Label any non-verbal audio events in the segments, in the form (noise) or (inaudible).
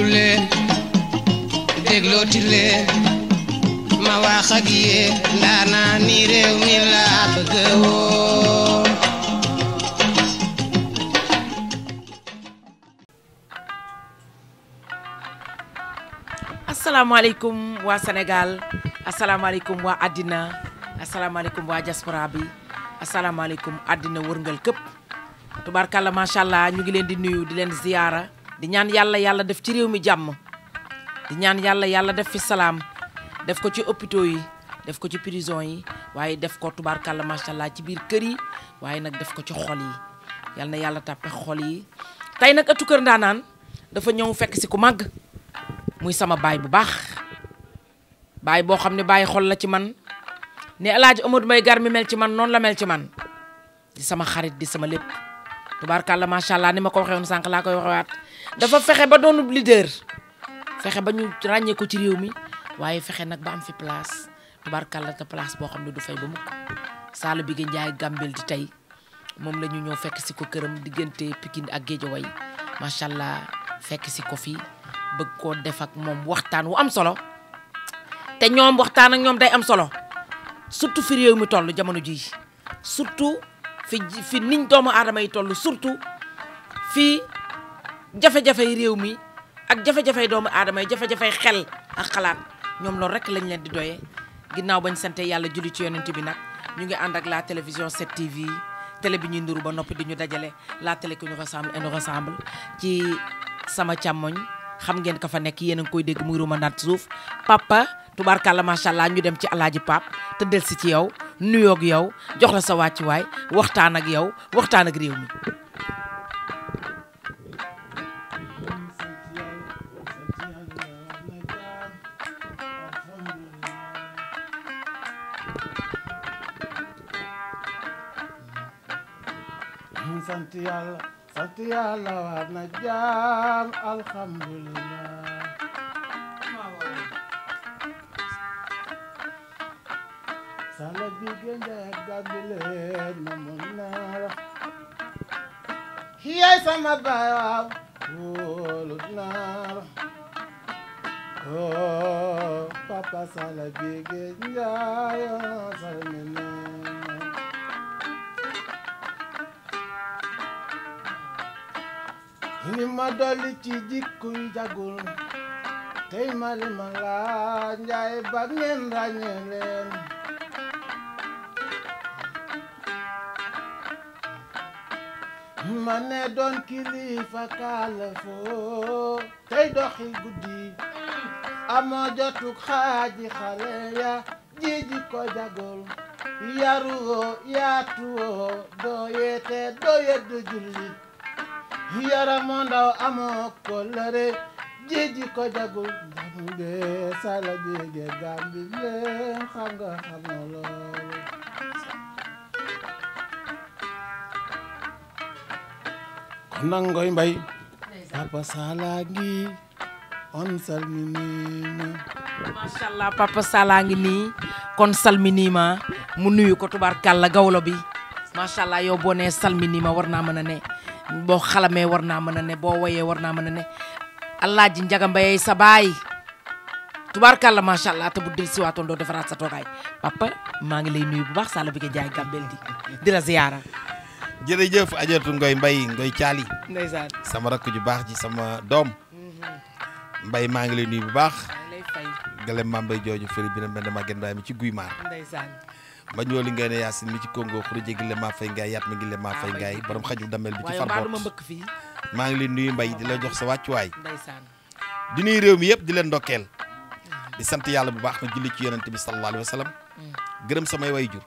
déglu leen déglooti leen ma wax ak yéen ndaanaa ni waa Sénégal asalaamaaleykum waa àddina asalaamaaleykum waa diaspora bi asalaamaaleykum àddina wërngal këpp tubaarkàlla macha allah ñu ngi leen di nuyu di leen ziyaara di ñaan yàlla yàlla def ci réew mi jàmm di ñaan yàlla yàlla def fi salaam def ko ci hôpitaux yi def ko ci prison yi waaye def ko tubaarkàlla macha allah ci biir kër yi waaye nag def ko ci xol yi yal yàlla tàppe xol yi tey nag ëttu kër ndaanaan dafa ñëw fekk si ku màgg muy sama baay bu baax baay boo xam ne baay xol la ci man ne El Hadj Amadou gar mi mel ci man noonu la mel ci man di sama xarit di sama lépp tubaarkàlla macha allah ni ma ko waxee sànq laa koy waxewaat dafa fexe ba doonub leader fexe ba ñu ràññee ko ci réew mi waaye fexe nag ba am fi place tubaarkàlla te place boo xam ne du fay ba mukk saalo bi nga njaay gàmbel di tey moom la ñu ñëw fekk si ko këram diggante Pikine ak Géejawaay macha allah fekk si ko fi bëgg koo def ak moom waxtaan wu am solo te ñoom waxtaan ak ñoom day am solo surtout fi réew mi toll jamono ji surtout fi fi niñ doomu aadama yi toll surtout fii jafe-jafey réew mi ak jafe-jafey doomu aadama yi jafe-jafey xel ak xalaat ñoom loolu rek lañ leen di doyee ginnaaw bañ sante yàlla julli ci yonent bi nag ñu ngi ànd ak la télévision 7TV télé bi ñuy nduru ba noppi di ñu dajale la télé qui nous ressemble et nous ci sama càmmoñ xam ngeen ka fa nekk yéen a ngi koy dégg muy rumandaat suuf papa tubaarkàlla macha allah ñu dem ci alaaji pap te del si ci yow nuyoog yow jox la sa wàccuwaay waxtaan ak yow waxtaan ak réew mi sant yàlla sant yàlla war na jaar alhamdulilah sala bi gën jaay gàddu leen ma mun naa la yaay sama baay waaw wóolut naa la oh papa sala bi gën jaay sala mi naa ni ma dolli ci jikko yu jagul tey ma njaay ba ngeen ma ne doon kilifa kaalafoo tey doxi guddi amoo jotuk xaaji xale ya jiji ko jagul yaruwoo yaatuwoo doo yeete doo yeddu jullit yaramoo ndaw amoo kóllëre jéji ko jagul damu bee sala jége gambi bee xam nga xamoo loolu kon nag ngoy mbay papa sala ngi on papa sala ngi nii kon salminima mu nuyu ko tubaarkàlla gawlo bi macha allah yow boo nee salminima war naa mën a ne boo xalamee war naa mën a ne boo woyee war naa mën a ne alaaji njaga mbayay sa baay tubaarkàlla macha allah te bu del siwaatoon doo defaraat sa toogaay papa maa ngi lay nuyu bu baax sala bi nga jaay gàmbel di di la ziyaara jërëjëf ajaratu ngoy mbay ngoy caali ndeysaan sama rakk ju baax ji sama doom mhm. mbay maa ngi lay nuyu bu baax gale maa mbay jooju fëri bi na mel ne ma baay mi ci guy maar ndeysaan ba ñoo li ngay ne yaasin mi ci Congo xurije gi le maa fay ngaay yaat mi ngi le maa fay ngaay ah borom xaju damel bi ci farboot maa ngi leen nuyu mbay di la jox sa wàccuwaay di nuy réew mi yëpp di leen ndokkeel di sant yàlla bu baax na julli ci yonent bi sallallahu alayhi wa sallam mm. gërëm samay way jur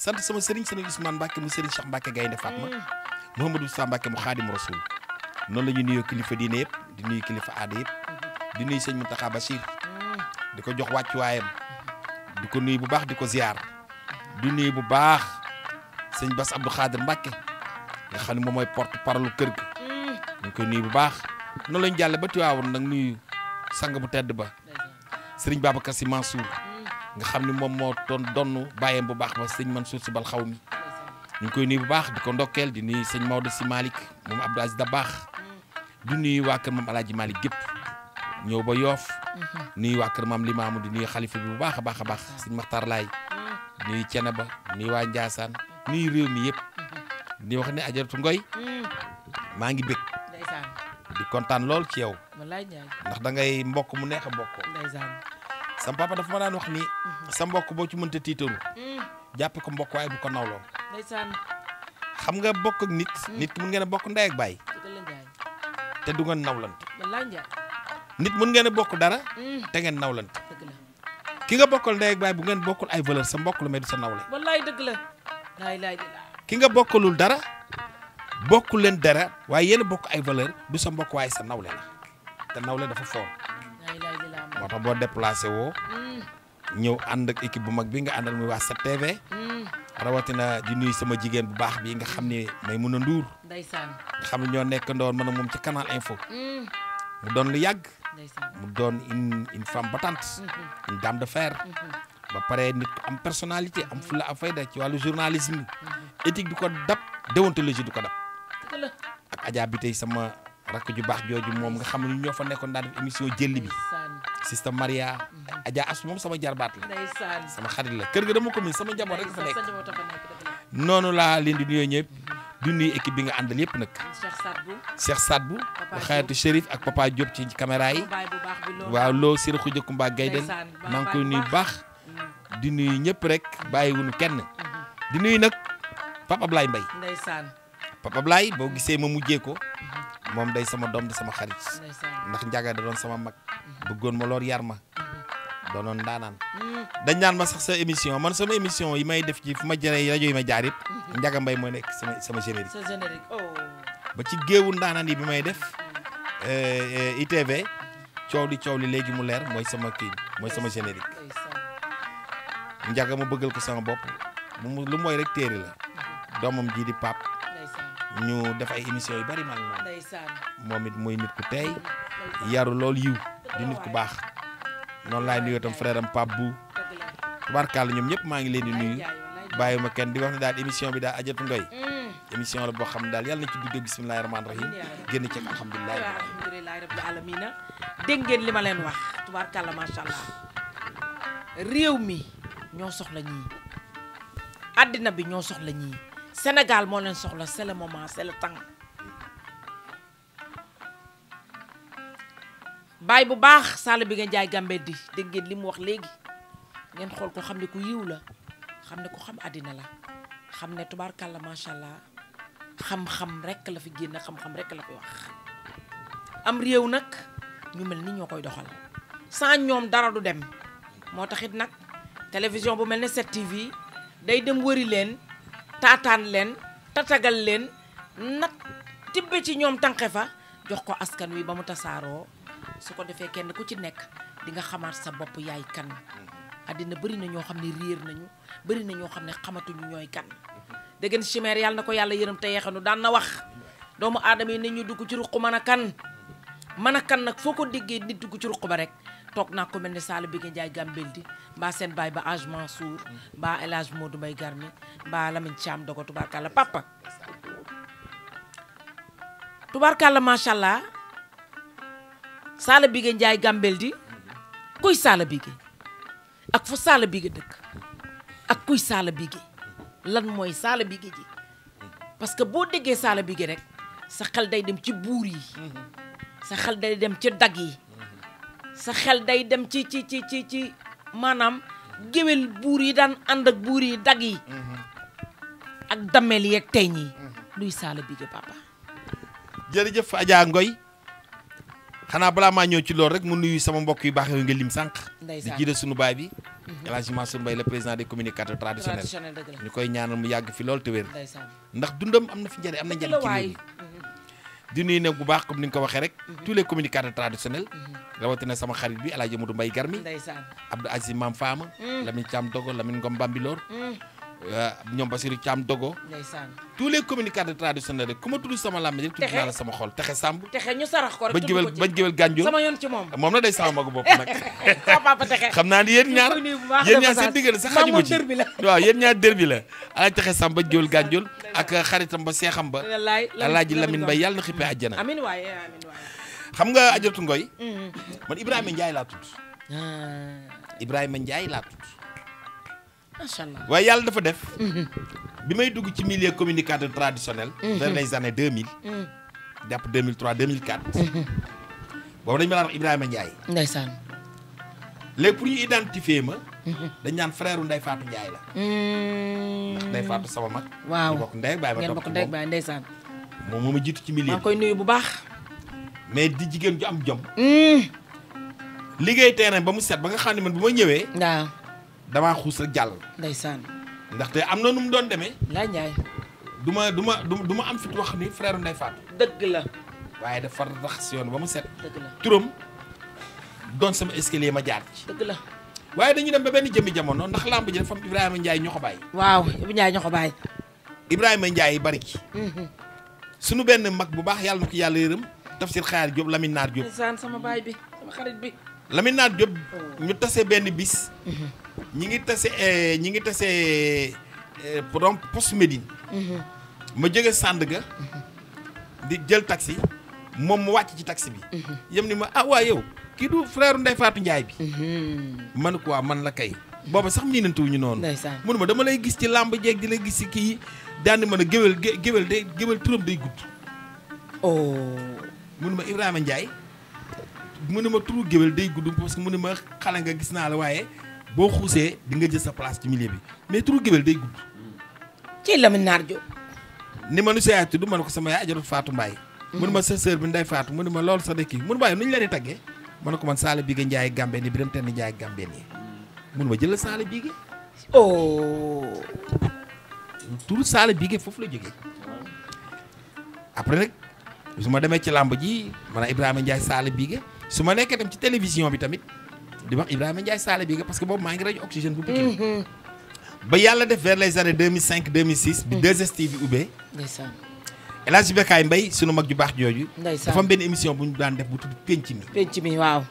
sant sama sëriñ sëriñ Ousmane Mbacke mu sëriñ Cheikh Mbacke Gaynde Fatma mm. Mouhamadou Sa Mbacke mu xaadim rasul noonu la ñu nuyoo kilifa diine yëpp di nuyu kilifa aada yëpp di nuyu sëñ Mountakha Bachir mm. di ko jox wàccuwaayam di ko nuyu bu baax di ko ziar du nuyu bu baax sëñ bas Abdou Khadir Mbacke nga xam ne moom mooy porte parole kër gi. Mm. ñu koy nuyu bu baax. noonu lañu jàlle ba Tiwaawoon nag nuyu sang bu tedd ba sëriñ Babacar Sy Mansour nga xam ni moom moo doon donn bàyyeem bu baax ba sëñ Mansour Sy Bal xaw mi ñu ngi koy nii bu baax di ko ndokkeel di nuyu sëñ Maodo Sy Malick moom Abdou Aziz Dabakh di nuyu waa kër maam El Hadj Malick gépp ñëw ba yoof mm-hmm. nuyu waa kër maam Limaamu di nuyu xalifa bi bu baax a baax a baax sëñ Maxtaar Laay nuy ba nuy waa Njaasaan nuy réew mi yëpp ni wax ne ajaratu ngoy hmm. maa ngi bëgg di kontaan lool ci yow ndax da mbokk mu neex a bokk sam papa dafa ma daan wax ni hmm. sa mbokk boo ci mënta tiitaru hmm. jàppe ko mbokk waaye bu ko nawloo xam nga bokk ak nit nit ki mën ngeen a bokk ndey ak baay te du ngeen nawlante nit mën ngeen a bokk dara te ngeen nawlante ki nga bokkal ndey ak baay bu ngeen bokkul ay valeur sa mbokk la mais du sa nawle. wallaay dëgg laay laay ki nga bokkalul dara bokkul leen dara waaye yéen bokk ay valeur du sa mbokk waaye sa nawle la te nawle dafa foor. moo tax boo déplacé woo. Hmm. ñëw ànd ak équipe bu mag bi nga àndal mi waa 7TV. Hmm. rawatina di nuyu sama jigéen bu baax bi nga xam ne may mun a nduur. ndeysaan nga xam ne ñoo nekk ndoon man a moom ci canal info. Hmm. mu doon lu yàgg. mu doon une une femme battante mm-hmm. dame de fer mm-hmm. ba pare nit am personnalité am fulla ak fayda ci wàllu journalisme mm-hmm. éthique du ko dab déontologie du ko dab ak Adja bi tey sama rakk ju baax jooju moom nga xam ne ñoo fa nekkoon daa def émission jëlli bi sista Maria Adja Asu moom sama jarbaat la sama xarit la kër ga dama ko miin sama njaboot rek fa nekk noonu laa leen di nuyoo ñëpp di nuyu équipe bi nga àndal yëpp nag. Cheikh Sadbou xayatu Chérif ak papa Diop ci caméra yi. waaw loo Sire Khoudia Koumba Gayden maa ngi koy nuyu baax. Mm. di nuyu ñëpp rek bàyyiwuñu kenn. Mm-hmm. di nuyu nag Papa Ablaye Mbaye. ndeysaan Papa Ablaye boo gisee ma mujjee ko. moom day sama doom di sama xarit. ndax Ndiaga da doon sama mag. Mm-hmm. bëggoon ma lool yar ma. doonoon daanaan hmm. dañ naan ma sax sa émission man sama émission yi may def ci fu ma jëlee rajo yi ma jaar hmm. njaga Ndiaga Mbaye nekk sama sama générique oh. ba ci géewu ndaanaan yi bi may def eh, eh, ITV coow coow li léegi mu leer mooy sama kii mooy sama générique Ndiaga ma bëggal ko sama bopp bu mu lu mooy rek téere la hmm. doomam jii di pap ñu def ay émissions yu bari maa moom it muy nit ku teey yaru lool yiw di nit ku baax noonu laay nuyoo tam frère am bu bu tubaarkàlla ñoom ñëpp maa ngi leen di nuyu bàyyiwuma kenn di wax ne daal émission bi daal ajatu ndoy mm. émission la boo xam ne daal yàlla na ci duggee bisimilahi rahmaani rahim génn ci alhamdulilahi alhamdulilahi rabbil alamina dégg ngeen li ma leen wax tubaarkàlla macha allah réew mi ñoo soxla ñii àddina bi ñoo soxla ñii Sénégal moo leen soxla c'est le moment c'est le temps baay bu baax sàll bi nga jaay gàmbet di dégg ngeen li mu wax léegi ngeen xool ko xam ne ku yiw la xam ne ku xam àddina la xam ne tubaarkàlla macha allah xam-xam rek la fi génn xam-xam rek la fi wax am réew nag ñu mel ni ñoo koy doxal saa ñoom dara du dem moo taxit nag télévision bu mel ne 7TV day dem wëri leen taataan leen tatagal leen nag tibbe ci ñoom tànqe fa jox ko askan wi ba mu tasaaroo su ko defee kenn ku ci nekk di nga xamaat sa bopp yaay kan àddina bëri na ñoo xam ne réer nañu bëri na ñoo xam ne xamatuñu ñooy kan dëggeen chimère yàlla na ko yàlla yërëm te yeexanu daan na wax doomu aadama yi nit ñu dugg ci ruq man a kan mën a kan nag foo ko déggee nit dugg ci ruq ba rek toog naa ko mel ne Sall bi nga jaay gàmbel di mbaa seen baay ba age Mansour mbaa El Hadj Modou Mbaye Garmi mbaa Lamine Thiam dogo tubaarkàlla papa tubaarkàlla macha allah saala bige njaay gàmbeel di kuy saala bige ak fu saala bige dëkk ak kuy saala bige lan mooy saala bige ji parce que boo déggee saala bige rek sa xel day dem ci buur yi sa xel day dem ci dagg yi sa xel day dem ci ci ci ci ci maanaam géwél buur yi daan ànd ak buur yi dagg yi ak dammeel yeeg tey ñii mm-hmm. luy saala bige a jërëjëf Adja Ngoy xanaa balaa maa ñëw ci loolu rek mu nuyu sama mbokk yu baax yooyu nga lim sànq. di jiite sunu baay bi. Mhm. El Hadj Mansour Mbaye le président des communicateurs traditionnels. ñu koy ñaanal mu yàgg fi lool te wér. ndax dundam am na fi njëriñ am na njëriñ ci réew mhm. di nuyu ne bu baax comme ni nga ko waxee rek. Mhm. tous les communicateurs traditionnels. rawatina sama xarit bi El Hadj Amadou Mbaye Garmi. Abdou Aziz Mam Fama. Lamine Thiam Dogo Lamine Ngom Bambilor. Euh, ñoom Basiru Caam Dogo. ndeysaan tous les communicateurs traditionnels rek ku ma tudd sama làmmiñ rek. texe tudd naa la sama xol texe Samb. texe ñu sarax ko rek tudd ko ci bañ géwél gànjool sama yoon ci moom. moom na day sama magu bopp nag. (laughs) sama papa xam naa ni yéen ñaar yéen ñaar seen diggante sax xaju ko ci waaw yéen ñaar dër bi la. alaaj texe Samb bañ géwél gànjool ak xaritam ba seexam ba. alaaji Lamine Mbaye yàlla na xippee àjjana. amiin waay amiin waay. xam nga ajatu ngoy mm-hmm. man Ibrahima Ndiaye laa tudd. Ah. Ibrahima Ndiaye laa macha allah waaye yàlla dafa def. Mm-hmm. bi may dugg ci milieu communicateur traditionnel. Mm-hmm. vers les années 2000. Mm. jàpp 2003 2004. Mm-hmm. boobu dañu ma naan Ibrahima Ndiaye. ndeysaan. léegi pour ñu identifier ma. dañ naan frère Ndeye Fatou Ndiaye la. ndax mm. Ndeye Fatou sama mag. waaw ñu bokk Ndeye Baye ma ndeysaan. moom moo ma jiitu ci milieu bi koy nuyu bu baax. mais di jigéen ju am jom. Mm. liggéey terrain ba mu set ba nga xam ne man bu ma ñëwee. damaa xuus rek jàll. ndeysaan. ndaxte am na nu mu doon demee. laa ñaay. du ma du ma du ma am fit wax ni frère Ndeye Fatou. dëgg la. waaye dafa rax si yoon ba mu set. dëgg la turam doon sama escalier ma jaar ci. dëgg la. waaye dañu dem ba benn jëmmi jamono ndax lamb ji dafa am Ibrahima Ndiaye ñoo ko bàyyi. waaw Ndiaye ñoo ko bàyyi. Ibrahima Ndiaye bari ki. Mhm. sunu benn mag bu baax yàlla na ko yàlla yërëm. Tafsir Xayaar Diop Lamine Naar Diop. sama baay bi sama xarit bi. Lamine Naar oh. ñu tase benn bis. Mhm. ñi ngi tase eh, ñi ngi tase eh, pardon poste Médine mhm. ma jóge Sandaga mhm. di jël taxi moom mu wàcc ci taxi bi mhm. yem ni ma ah waa yow kii du frère Ndeye Fatou Ndiaye bi man quoi man la kay booba sax nii nantuwuñu noonu mënu ma dama lay gis ci làmb jeeg di la gis ci kii daandi mën a géwél géwél day géwél turam day gudd oh mënu ma Ibrahima Ndiaye mënu ma turu géwél day gudd parce que mënu ma xale nga gis naa la waaye boo xuusee di nga jël sa place ci milieu bi mais turu géwél day gudd. ci Lamine Naar Diop. ni ma nu sa yaay tudd ma ne ko sama yaay ajarut Fatou Mbaye. mënu mm-hmm. ma sa sœur bi Ndeye faatu mënu ma loolu sax de kii mënu ma waaye nu ñu leen di tàggee. ma ne ko man Saala Bigué Ndiaye Gambey nii Birame Tend Ndiaye Gambey nii. mënu ma jëlal Saala Bigué. oh. turu Saala Bigué foofu la jógee. après nag su ma demee ci làmb ji man Ibrahima Ndiaye Saala Bigué su ma nekkee tam ci télévision bi tamit. di wax Ibrahima Ndiaye Sall bi nga parce boobu maa ngi rajo oxygène bu Pikine mhm. ba yàlla def vers les années bi 2STV mhm. bi ubbee. ndeysaan sunu mag ju baax jooju. dafa am émission bu ñu daan def bu tudd penc mi. penc mi waaw.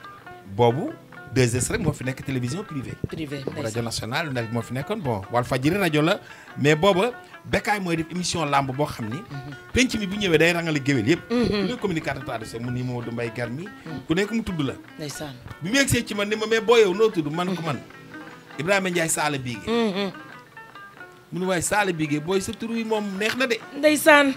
boobu 2 rek moo fi nekk télévision privée. privée rajo nationale nag moo fi nekkoon bon Walfadjri rajo la mais booba. Bécaye mooy def émission làmb boo xam ni. penc mi bu ñëwee day rangale géwél yëpp. bu mhm. ñu communicateur traditionnel mu ni Maodo Mbaye Garmi. Mhm. ku nekk mu tudd la. ndeysaan bi mu yegsee ci man ni ma mais boo yow noo tudd man ko mhm. man Ibrahima Ndiaye Saala Biége. mu ne waaye Saala Biége sa tur wi moom neex na de. ndeysaan.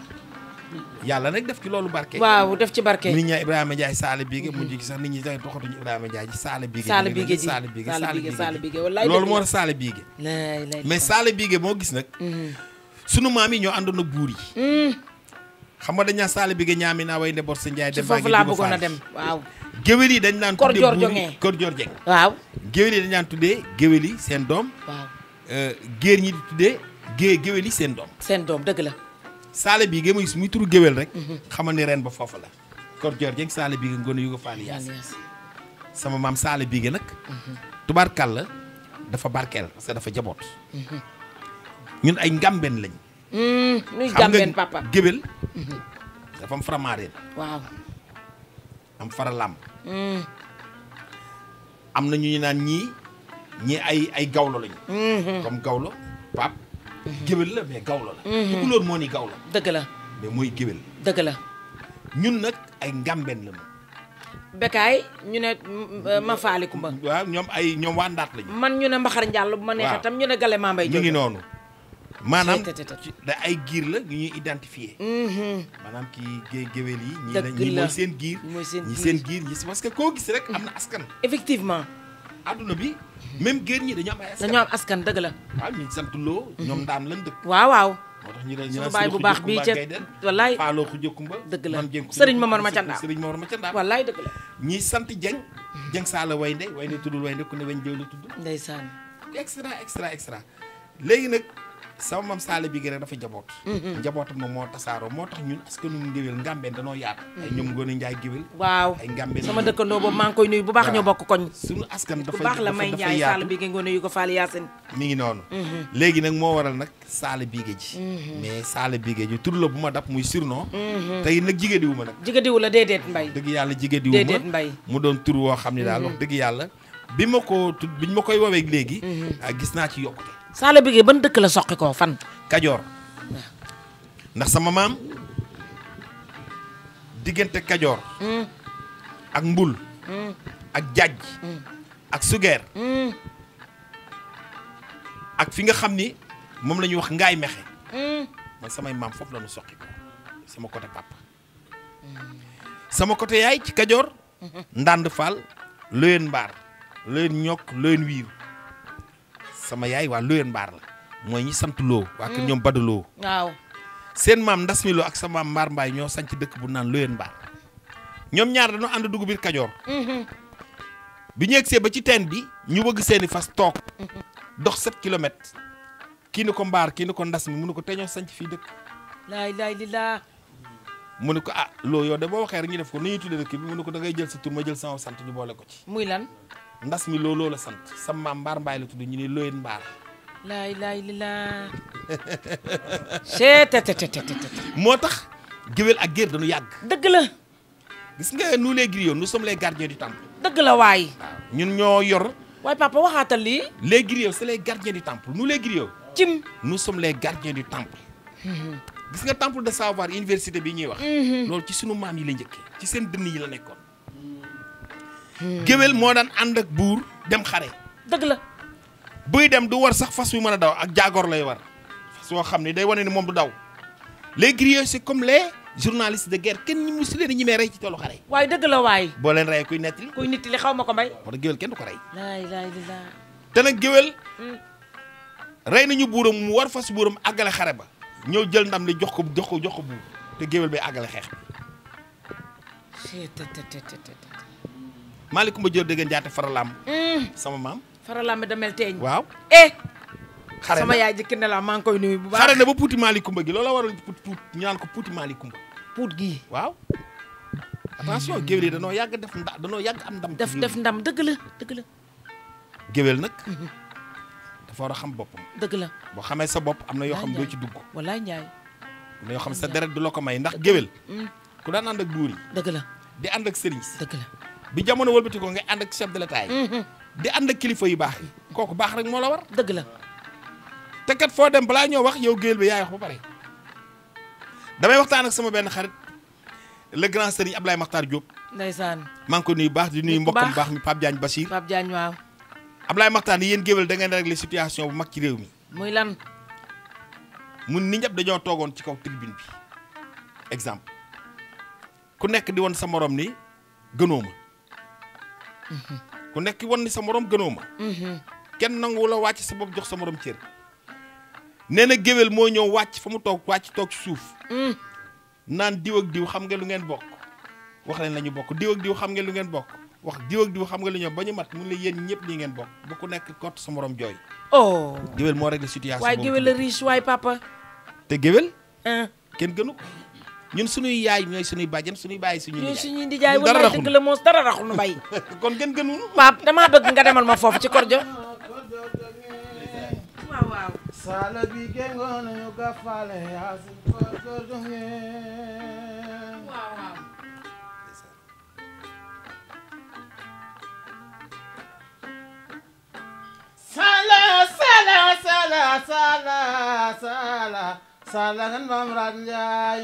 yàlla nag def ci loolu barke. def ci barke. nit ñaa Ibrahima Ndiaye Saala Biége mujj gi sax nit ñi dañuy toxatuñu Ibrahima Ndiaye ji Saala Biége. Saala Biége ji Saala Biége Saala Biége loolu moo tax Saala Biége. mais Saala Biége moo gis nag. sunu maam yi ñoo àndoon ak buur yi. Hmm. xam nga dañaa saale bi nga ñaami naa way ne bor sa njaay dem foofu laa bëggoon a dem waaw géwél yi dañ naan tuddee kor joor kor joor jeng waaw géwél yi dañ naan tuddee yi seen doom waaw euh, géer ñi yi seen doom seen doom dëgg la bi nga muy muy turu géwél rek mhm. xamal ni ren ba foofu la kor joor jeng saale bi nga ngoon yu sama maam saale bi nga nag mhm. tubaarkàlla dafa barkeel parce que dafa jaboot mhm. ñun ay ngàmbeen lañ. nuy ngàmbeen papa xam nga géwél mhm. hmm. am na ñu naan ñii ñii ay ay gawlo lañu. Mhm. comme gawlo mhm. la mais gawlo la. tukulóor moo ni gawlo. dëgg la mais mooy géwél. dëgg la ñun nag ay ngàmbeen lañu. bekaay ñu ne ma faali kumba waaw ñoom ay ñoom waa ndaat lañu. man ñu ne mbaxar njàll bu ma neexee tam ñu ne gale maa mbay. ñu ngi noonu. maanaam da ay giir la ñu ñuy identifier mhm. maanaam kii gé géwél yi ñi la ñi mooy seen giir ñi seen giir ñi parce que koo gis rek am na askan effectivement adduna bi même géer ñi dañu am askan dañu la waaw ñi sant loo ñoom mhm. daan lan dëkk waaw waaw moo tax ñu ne ñu baay bu baax bii ca wallaay paaloo xujo kumba dëgg la sëriñ Mamar Macandaam sëriñ Mamar Macandaam wallaay dëgg la ñi sant jeng jeng saa la waynde waynde tuddul waynde ku ne weñ jëw la tudd ndeysaan extra extra extra léegi nag sama mam saale bi rek dafa jaboot njabootam na moo tasaaroo moo tax ñun askan wi ngéwél ngàmbeen danoo yaatu ay ñoom ngoon a njaay géwél waaw ay ngàmbeen sama dëkkandoo boobu maa ngi koy bu baax ñoo bokk koñ suñu askan dafa baax la may njaay saale ngoon yu ko faal yaasin mi ngi noonu mm-hmm. léegi nag moo waral nag saale biige ji mm-hmm. mais saale biige ji tur la bu ma dab muy surnom mm-hmm. tey nag jigéen diwu ma nag jigéen diwu la déedéet mbay dëgg yàlla jigéen diwu ma mbay mu doon tur woo xam ne daal wax dëgg yàlla bi ma ko tud biñ ma koy woowee léegi ah, gis naa ci yokkute saa saala bigee ban dëkk la soqi koo fan kajoor ah. ndax sama maam diggante kajoor hmm. ak mbul hmm. ak jajj hmm. ak sugeer ak fi nga xam ni moom la ñuy wax ngaay mexe man samay maam foofu la ñu sama côté papa sama côté yaay ci kajoor ndand faal looyeen mbaar looyeen ñokk looyeen wiir sama yaay waa Loyen Mbaar la mooy ñi sant loo waa kër mm. ñoom Badu Loo waaw seen maam ndas mi loo ak sama maam Mbaar Mbaay ñoo sanc dëkk bu naan Loyen Mbaar ñoom ñaar dañoo ànd dugg biir Kajoor mm-hmm. bi ñu egsee ba ci teen bi ñu bëgg seeni fas toog mm-hmm. dox 7 kilomètres kii ni ko mbaar kii ni ko ndas mi mu ne ko teñoo sanc fii dëkk laay laay li laa mu ne ko ah loo yow boo waxee rek ñu def ko nu ñuy ko da jël sa tur ma jël sama sant ñu boole ko ci muy lan ndas mi looloo la sant sa maam mbaar mbaay la tudd ñu ni looyeen mbaar. laay laay li la moo tax. géwél ak géer dañu yàgg. dëgg la. gis nga nous les griots nu sommes les gardiens du temple. dëgg la waay. ñun ñoo yor. waaye papa waxaatal lii. les griots c'est les gardiens du temple nous les griots. cim nous sommes les gardiens du temple. gis nga temple de savoir université bi ñuy wax. Mm-hmm. loolu ci sunu maam yi la njëkkee ci seen dënn yi la nekkoon. Hmm. géwél moo daan ànd ak buur dem xare dëgg la buy dem du war sax fas wi mën a daw ak jaagoor lay war soo xam ne day wane ni moom du daw les griots c'est comme les journalistes de guerre kenn ñi musu leen ñi mee rey ci toolu waaye dëgg la waay boo leen rey kuy nettali kuy xaw ma ko may war a géwél kenn ko rey laay laay la hmm. nañu buuram mu war fas buuram àggale xare ba ñëw jël ndam li jox ko jox ko jox buur te géwél bi àggale xeex bi Malicoumba Diop dégg njaate faralaam mm. sama maam faralaam da mel teeñ waaw eh xare sama yaay jëkk ne la maa ngi koy nuyu bu baax xare na ba puuti Malicoumba gi looloo waral puut puut ñu ko puuti Malicoumba puut gii waaw attention géwél yi danoo yàgg def nda danoo yàgg am ndam def def ndam dëgg la géwél nag mhm. dafa war a xam boppam dëgg la boo xamee sa bopp am na yoo xam doo ci dugg wallaay njaay am na yoo xam sa deret du la ko may ndax géwél mm. ku daan ànd di ànd ak sëriñ bi jamono wëlbati ko nga ànd ak chef mhm. di ànd ak kilifa yu baax kooku baax rek moo la war dëgg la te kat foo dem balaa ñoo wax yow géel bi yaay wax ba pare damay waxtaan ak sama benn xarit le grand sëriñ Ablaye Makhtar Diop ndeysaan maa ngi ko nuyu baax di nuyu mbokkam baax mi Pape jaañ Basir Pape Diagne waaw Ablaye Makhtar ni yéen géwél da ngeen régler situation bu mag ci réew mi muy lan mun ni ñëpp dañoo toogoon ci kaw tribune bi exemple ku nekk di woon sa morom ni gënoo ku nekk won ni sa moroom gënoo mm-hmm. kenn nangu la wàcc sa bopp jox sa moroom cër nee na géwél moo ñëw wàcc fa mu toog wàcc toog suuf mm. naan diw ak diw xam nga lu ngeen bokk wax leen la bokk diw ak diw xam nga lu ngeen bokk wax diw ak xam nga lu ñu ba ñu mat mun la yéen ñëpp lii ngeen bokk bu ku nekk kott sa morom jooy oh géwél moo réglé situation waaye géwél la riche waaye papa te géwél kenn gënu ñun suñuy yaay ñooy suñuy bàjjen suñuy bàyyi suñuy nijaay suñuy nijaay wala dëgg la moos dara raxul nu bay (laughs) kon gën gënu pap damaa bëgg nga demal ma foofu ci korjo waaw waaw sala bi gengoon ñu gafale yaa si korjo jonge waaw waaw sala sala sala sala sala sala ngan bam ran jaay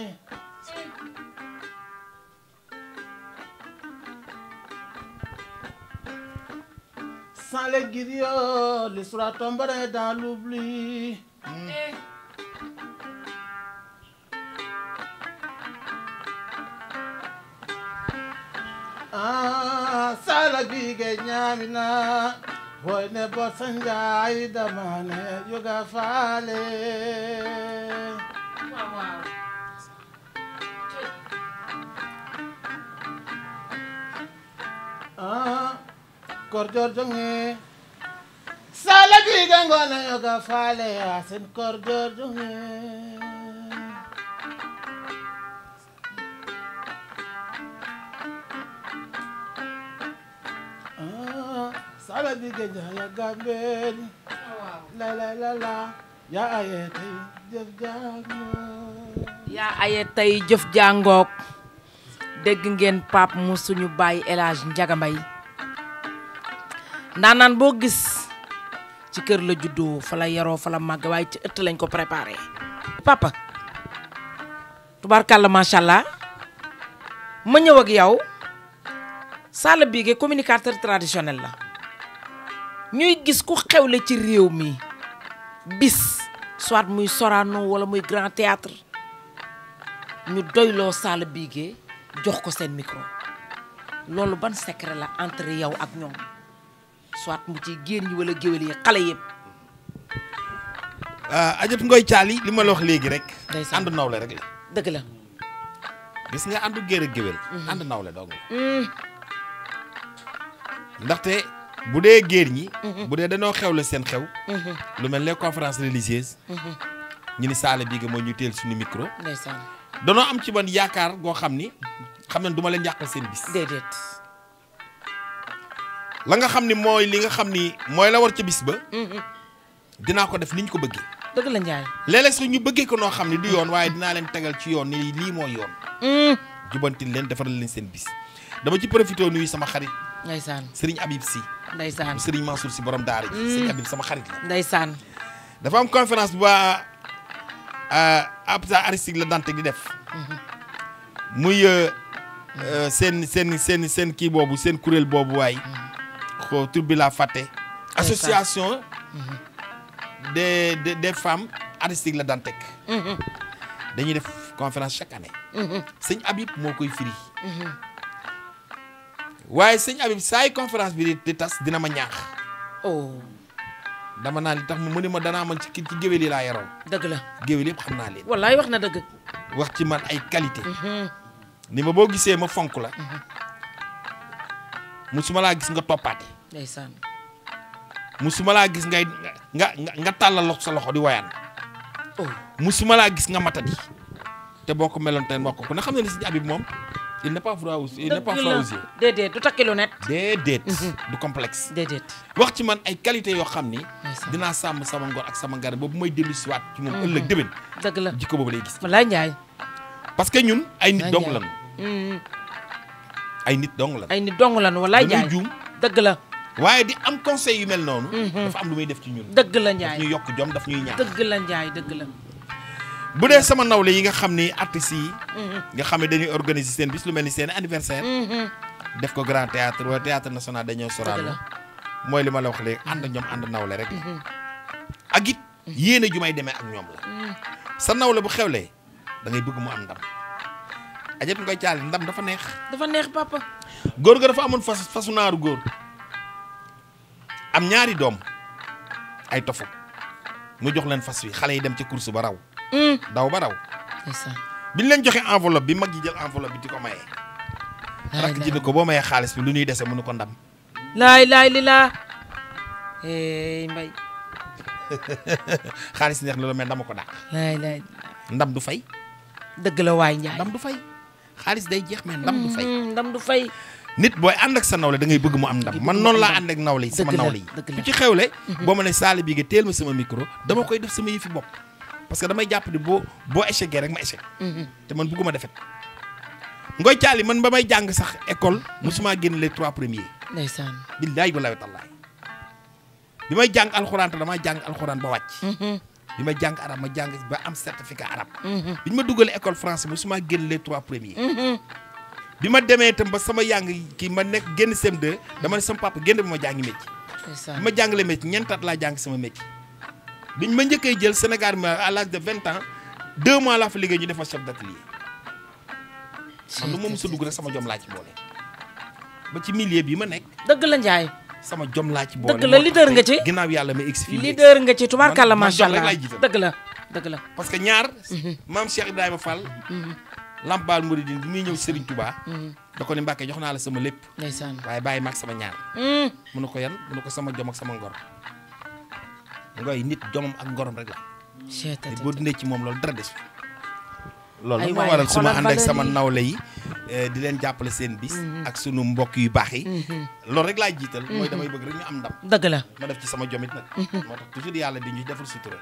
Sans les griots, l'histoire tomberait dans l'oubli. Mm. Eh. Ah, sala bige nyamina yoga fale kor jor jonge yaa aye tey jëf jàngook dégg ngeen pap mu suñu baay El Hadj ndaanaan boo gis ci kër la juddoo fa la yaroo fa la màgg waaye ci ëtt lañ ko préparé. papa tubaarkàlla macha allah ma ñëw ak yow Salla Bigué communicateur traditionnel la ñuy gis ku xewle ci réew mi bis soit muy soraano wala muy Grand Théâtre ñu doyloo Salla Bigué jox ko seen micro loolu ban secret la entre yow ak ñoom. soit mu ci génn ñi wala géwél yi xale yëpp. ajab ah, ngoy caali li ma la wax léegi rek. ànd nawle rek la. gis nga àndu géer ak géwél. Mhm. ànd nawle dong. Mm. ndaxte bu dee géer ñi. Mhm. bu dee dañoo xewle seen xew. Mhm. lu mel ne conférence religieuse. ñu ni saala bii nga mooy ñu teel suñu micro. danoo am ci man yaakaar goo xam ni xam ne du ma leen yàqal seen bis. la nga xam ni mooy li nga xam ni mooy la war ca bis ba. Mm-hmm. dinaa ko def ni ñu ko bëggee. dëgg la Ndiaye. léeg ñu bëggee ko noo xam ni du yoon waaye dinaa leen tegal ci yoon ni lii mooy yoon. Mm. jubantil leen defaral leen seen bis. dama ci profité nuyu sama xarit. ndeysaan Serigne Habib Sy. ndeysaan Serigne Mansour Sy borom daara ji. Mm. Serigne Habib sama xarit la. ndeysaan. dafa am conférence bu waa euh, Absa Aristide Le Dantec di def. Mm-hmm. muy euh, euh, seen seen seen seen kii boobu seen kuréel boobu waaye. Mm-hmm. ko tur bi laa fàtte. association. des des des femmes artistiques la Dantec. dañuy def conférence chaque année. sëñ Habib moo koy firi. waaye sëñ Habib saay conférence bi di tas dina ma ñaax. oh. dama naa li tax mu ne ma danaa man ci kii ci géwél yi laa yaroon. dëgg la géwél yëpp xam naa leen. wallaay wax na dëgg. wax ci man ay qualité mhm. ni ma boo gisee ma fonk la. Mhm. musuma laa gis nga toppaate. ndeysaan musuma laa gis ngay nga nga tàllal lox sa loxo di woyaan wayaan oh. musuma laa gis nga mata di te boo ko meloon tey mbokk ku ne xam ne si sëñ moom il n'est pas fraude il n'est pas fraude du takki lu net mhm. du complexe déedéet wax ci man ay qualité yoo xam ni dinaa sàmm sama ngor ak sama ngar boobu may dellu siwaat ci moom mhm. ëllëg déwén dëgg la jikko boobu lay gis walaay njaay parce que ñun ay nit dong lan mm. ay nit dong lan ay nit njaay dëgg la waaye di am conseil yu mel noonu. Mhm. dafa am lu muy def ci ñun. dëgg la Ndiaye yokk jom daf ñuy ñaax. dëgg la Ndiaye la. bu dee sama nawle yi nga xam ni artistes yi. Mhm. nga xam ne dañuy organiser seen bis lu mel ni seen anniversaire. Mhm. def ko grand théâtre wala théâtre national dañoo mooy li ma la wax léegi ànd ñoom ànd nawle rek. ak it yéene ju may demee ak ñoom la. sa nawle bu xew lee dangay bëgg mu am ndam. ajat ngoy caali ndam dafa neex. dafa neex papa. góor ga dafa amoon fas fasu naaru góor. am ñaari doom ay tofu mu jox leen fas wi xale yi dem ci course ba raw. Mm. daw ba raw. biñ leen joxe enveloppe bi mag yi jël enveloppe bi di ko maye. rakk ji ni ko boo mayee xaalis bi lu ñuy dese mënu ko ndam. laay laay li laa. mbay. (laughs) xaalis neex na la mais dama ko dàq. laay laay. ndam du fay. dëgg la waay Ndiaye ndam du fay. xaalis day jeex mais ndam du fay. Mm, ndam du fay. nit booy ànd ak sa nawle da ngay bëgg mu am ndam man noonu laa ànd ak nawle yi sama nawle yi ku ci xewle mhm. boo ma ne saali bi nga teel ma sama micro dama koy def sama yëfi bopp parce que damay jàpp ni boo boo échec rek ma échec mhm. te man bëgguma defet ngoy caali man ba may jàng sax école musuma génn les trois premiers ndeysaan billaay walaay tallaay bi may jàng alxuraan te damaa jàng alxuraan ba wàcc mhm. bi ma jàng arab ma jàng ba am certificat arab bi ñu ma dugalee école français musuma génn les bi ma demee itam ba sama yàng kii ma nekk génn CM2 dama ne sama papa génn bi ma jàngi métier. bi ma jàngalee métier ñeentaat laa jàng sama métier. biñ ma njëkkee jël Sénégal ma à l'âge de vingt ans deux mois laa fa liggéey ñu defa chef d'atelier. xam lu moom su a dugg rek sama jom laa ci boole. ba ci milieu bi ma nekk. dëgg la Ndiaye. sama jom laa ci boole dëgg la leader nga ci ginnaaw yàlla ma expliqué. leader nga ci tubaarkàlla macha allah dëgg la dëgg la. parce que ñaar. Mhm. maam Cheikh Ibrahima Fall. Mhm. Lampal Mouridine bi muy ñëw Serigne Touba. Mm-hmm. da ko ni Mbàkke jox naa la sama lépp. waaye bàyyi ma sama ñaar. Mm. mun ne ko yan mu ne ko sama jom ak sama nit jomam ak ngorom rek la. te ci moom loolu dara des. loolu lu ma sama nawle yi eh, di leen jàppale seen bis. Mm-hmm. ak sunu mbokk yu baax yi. Mm-hmm. loolu rek laa jiital. mooy damay bëgg rek ñu am ndam. dëgg la ma def ci sama jomit nag. moo tax toujours yàlla di ñu defal sutura.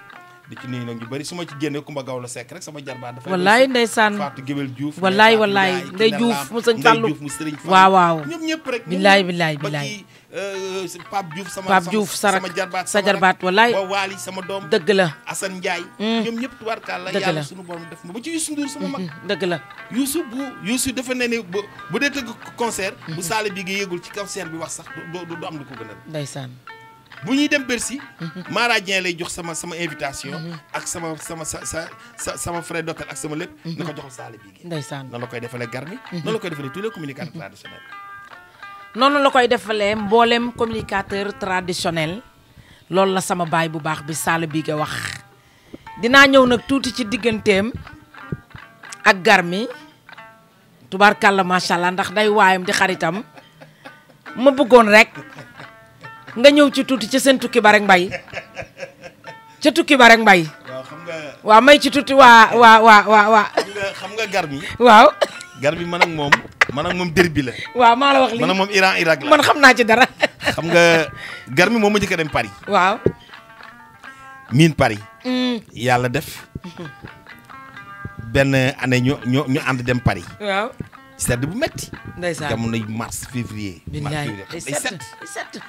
di ci nuyu nag ñu bëri su ma ci génnee Kumba Gawlo Seck rek sama jarbaa dafa wallaay ndeysaan Fatou Guewel Diouf wallaay wallaay Ndey Diouf mu sëñ Fallu Diouf mu sëriñ Fallu waaw waaw ñoom ñëpp rek billaay billaay billaay euh, Pape Diouf sama Pape Diouf sarak sama jarbaat sa jarbaat wallaay ba Waali sama doom dëgg la Assane Ndiaye mm. ñoom ñëpp tubaarkàlla yàlla suñu borom def ma ba ci Youssou Ndour sama mag mm-hmm. dëgg la Youssou bu Youssou dafa ne ni bu dee tëgg concert bu mm-hmm. saale bi nga yëgul ci kaw scène bi wax sax du am lu ko gënal ndeysaan bu ñuy dem Bercy. Mara Dieng lay jox sama sama invitation. Mhm. ak sama sama sa sa sa sama frais d'hôtel ak sama lépp. Mhm. na ko jox saala bii. ndeysaan noonu la koy defalee Garmi. Mhm. noonu la koy defalee tous les communicateurs noonu la koy defalee mboolem communicateur traditionnel. loolu la sama baay bu baax bi saala bii nga wax. dinaa ñëw nag tuuti ci digganteem ak Garmi tubaarkàlla macha allah ndax day waayam di xaritam ma bëggoon rek. nga ñëw ci tuuti ci seen tukki ba mbay ca tukki ba mbay. waaw xam nga. waaw may ci tuuti waa waa waa waa waa. xam nga gar mi. waaw. bi man ak moom. moom dër bi la. waaw maa la man ak moom Iran Irak la. man xam naa ci dara. xam nga gar mi moom ma njëkk a dem Paris. waaw. miin Paris. Mm. yàlla def. benn année ñu ñu ñu ànd dem Paris. sedd bu metti ndeysaan jamonoy mars février. mars février sedd.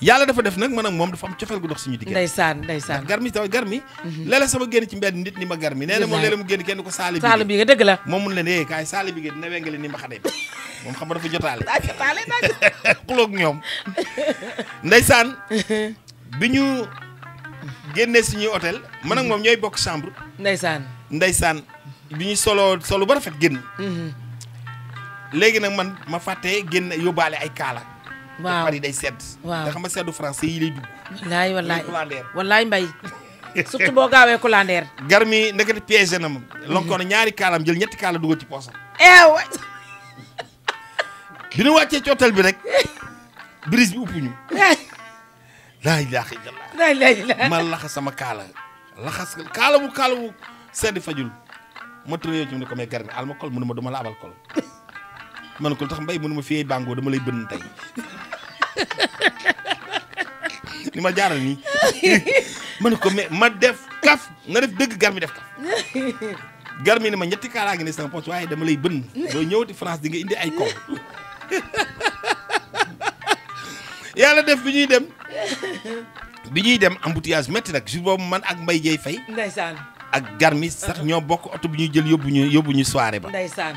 yàlla dafa def nag man ak moom dafa am cofeel gu dox suñu diggante ndeysaan ndeysaan garmi taw garmi léeg-léeg sama génn ci mbedd nit ni ma garmi nee na moom léeg-léeg mu génn kenn ko saali bi saali nga dëgg la moom mun leen ee eh, kaay saali bi nga dina wengale ni ma xade bi moom xam nga dafa jotaale (laughs) jotaale (laughs) (laughs) bi ñu génnee suñuy hôtel man mhm. moom ñooy bokk chambre ndeysaan ndeysaan bi ñu solo solo ba rafet génn mhm. léegi nag man ma fàttee génn yóbbaale ay kaala waaw Paris day sedd. waaw nga xam nga seddu français yi lay wallaay wallaay mbay. surtout boo gaawee kulandeer. garmi ndekete piégé na ma. lonkoon ñaari kaalam jël ñetti kaala dugal ci poosam. eew. Eh, bi nu wàccee ci bi rek brise bi upp ñu. (laughs) laa ilaaha illallaah. ma laxa sama kaala. laxas kaala bu kaala bu sedd fajul ma turee ci mu ne ko mais garmi alma kol mu ma duma laa abal kol. man ko tax mbay mënuma fiyee bàngoo dama lay bënn tey ni ma jaaral nii ma ne ko mais ma def kaf nga def dëgg gar def kaf gar mi ma ñetti kaaraa ngi ne sama poche waaye dama lay bënn doo ñëwati France di nga indi ay kaw yàlla def bi ñuy dem bi ñuy dem embouteillage métti nag jour boobu man ak mbay Dieye Faye ndeysaan ak garmi mi sax ñoo bokk oto bi ñuy jël yóbbu ñu yóbbu ñu soirée ba ndeysaan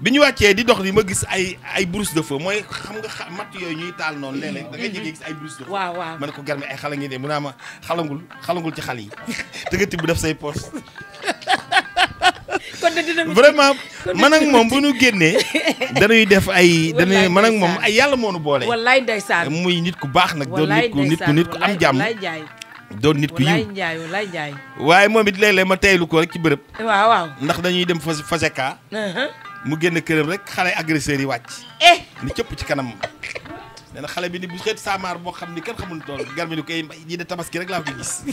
bi ñu wàccee di dox di ma gis ay ay brousse de feu mooy xam nga xa matt yooyu ñuy taal noonu léeg-léeg da ngay mhm. jege gis ay brousse de feu waaw ne ko garme ay xala ngi ne mu ma xalangul xalangul ci xal yi (laughs) te ti bu def say poche (laughs) vraiment man ak moom bu nu génnee (laughs) dañuy def ay dañuy man ak moom ay yàlla moo nu boole wallaay ndeysaan muy nit ku baax nag doon nit ku nit ku nit ku am jàmm doon nit ku yiw wallaay njaay waaye moom it léeg-léeg ma teylu ko rek ci bërëb waaw ndax dañuy dem fas faseka uh-huh. mu génn këram rek xale agresseurs yi wàcc. Eh. ni cëpp ci kanam nee xale bi ni bu xeet saamaar boo xam ni kenn xamul tool gar bi ni koy eh, ñii de tabaski rek laa ko gis.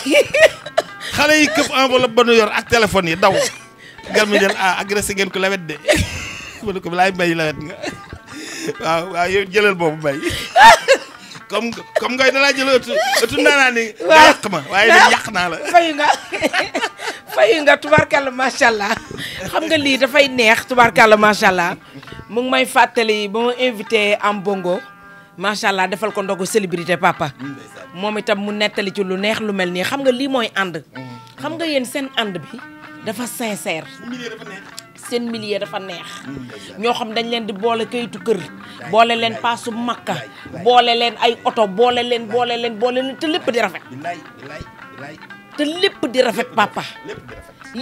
(laughs) xale yi këpp enveloppe ba yor ak téléphone yi daw gar mi ah agressé ngeen ko lawet de (laughs) ma ne ko laay mbay lawet nga (laughs) waaw waaw yow jëlal boobu mbay comme comme ngay dalaa jël ëtt ëtt naa ni. waaw ma waaye nag yàq naa la. fayu nga (laughs) fayu nga tubarkalla macha allah xam nga lii dafay neex tubarkalla macha allah mu ngi may fàttali ba ma invité am bongo macha defal ko ndogu célébrité papa. moom itam mu nettali ci lu neex lu mel nii xam nga lii mooy ànd. Mm. xam nga yéen seen ànd bi dafa sincère. seen milieu dafa neex mm, ñoo xam dañ leen di boole kayitu kër boole leen paasu makka boole leen ay oto boole leen boole leen boole leen te lépp di rafet te lépp di rafet papa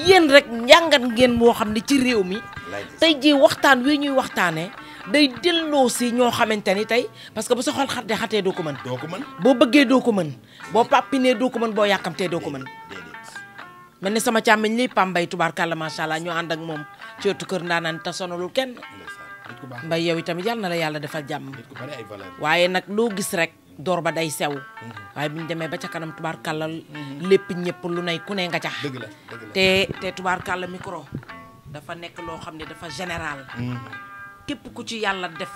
yéen rek njàngat ngeen moo xam ne ci réew mi tey jii waxtaan wi ñuy waxtaanee day delloo si ñoo xamante ni tey parce que bu sa xol xatee xatee doo ko mën. doo ko mën boo bëggee doo ko mën boo pàppinee doo ko mën boo yàkkamtee doo ko mën. mel ni sama càmmiñ lii pambay tubaarkàlla macha allah ñu ànd ak moom ci kër ndaanaan te sonalul kenn mbay yow itamit yal na la yàlla defal jàmm waaye nag loo gis rek door ba day sew waaye bu ñu demee ba ca kanam tubaarkàlla lépp ñëpp lu nay ku ne nga cax te te tubaarkàlla micro dafa nekk loo xam ne dafa général ku ci yàlla def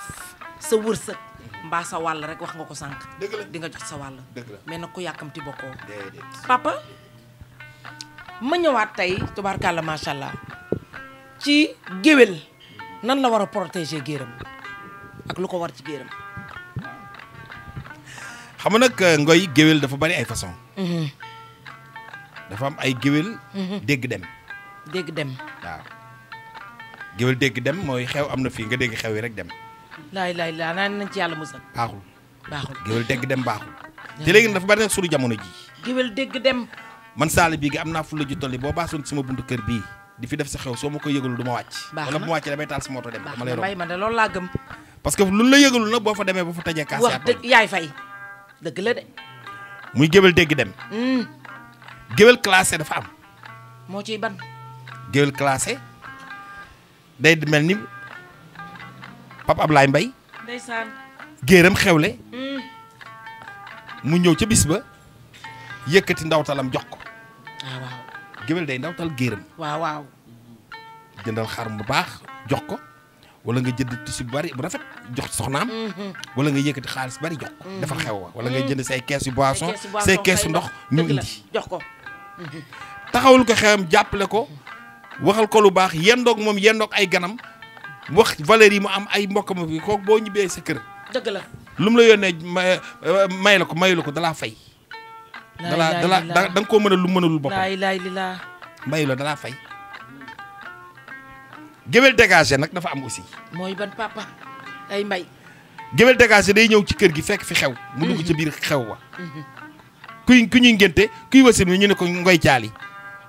sa mbaa sa wàll rek wax nga ko sànq di nga jot sa wàll mais nag ku yàkkamti bokkoo papa ma ñëwaat tey tubaarkàlla macha allah ci géwél nan la war a protéger géeram ak lu ko war ci géeram. xam nga nag euh, ngoy géwél dafa bari ay façon mhm. dafa am ay géwél mhm. dégg dem dégg dem waaw géwél dégg dem mooy xew am na fii nga dégg xew yi rek dem laay laay laa naan nañ ci yàlla musal baaxul baaxul géwél dégg dem baaxul te léegi dafa bari nag suñu jamono ji géwél dégg dem man saali bii gi am naa fulla ju tolli boo baasoon sama buntu kër bii di fi def sa xew soo ma koy yëgalul du ma wàcc wala bu ma wàcc damay taal sama moto dem dama lay parce que lu la yëgalul nag boo fa demee ba fa tajee géwél dégg dem hmm. géwél dafa am moo ciy ban géwél classé day mel ni Pape ab Mbaye mbay géeram xewle hmm. mu ñëw ca bis ba yëkkati ndaw talam jox ko waaw ah, waaw géwél day ndawtal géeram. waaw waaw. jëndal xar mu baax jox ko wala nga jënd tissu bu bari bu rafet jox soxnaam. Mm-hmm. wala nga yëkkati xaalis bari jox ko. Mm-hmm. defal xew wa wala nga mm-hmm. jënd say keesu boisson say keesu ndox ñu indi jox ko. taxawul ko xewam jàppale ko waxal ko lu baax yendoog moom yendoog ay ganam wax valeur yi mu am ay mbokk ma fi kooku boo ñibbee sa kër. la lu mu la yónnee may la ko mayu ko dalaa fay. dalaa dalaa da nga koo mën a lu mënalul boppam. laay lila. mbayu la dalaa fay. géwél dégagé nag dafa am aussi. mooy ban papa ay mbay. géwél dégagé day ñëw ci kër gi fekk fi xew. mu ci biir xew wa. ku ñuy ngénte kuy wasin wi ñu ne ko ngoy caali.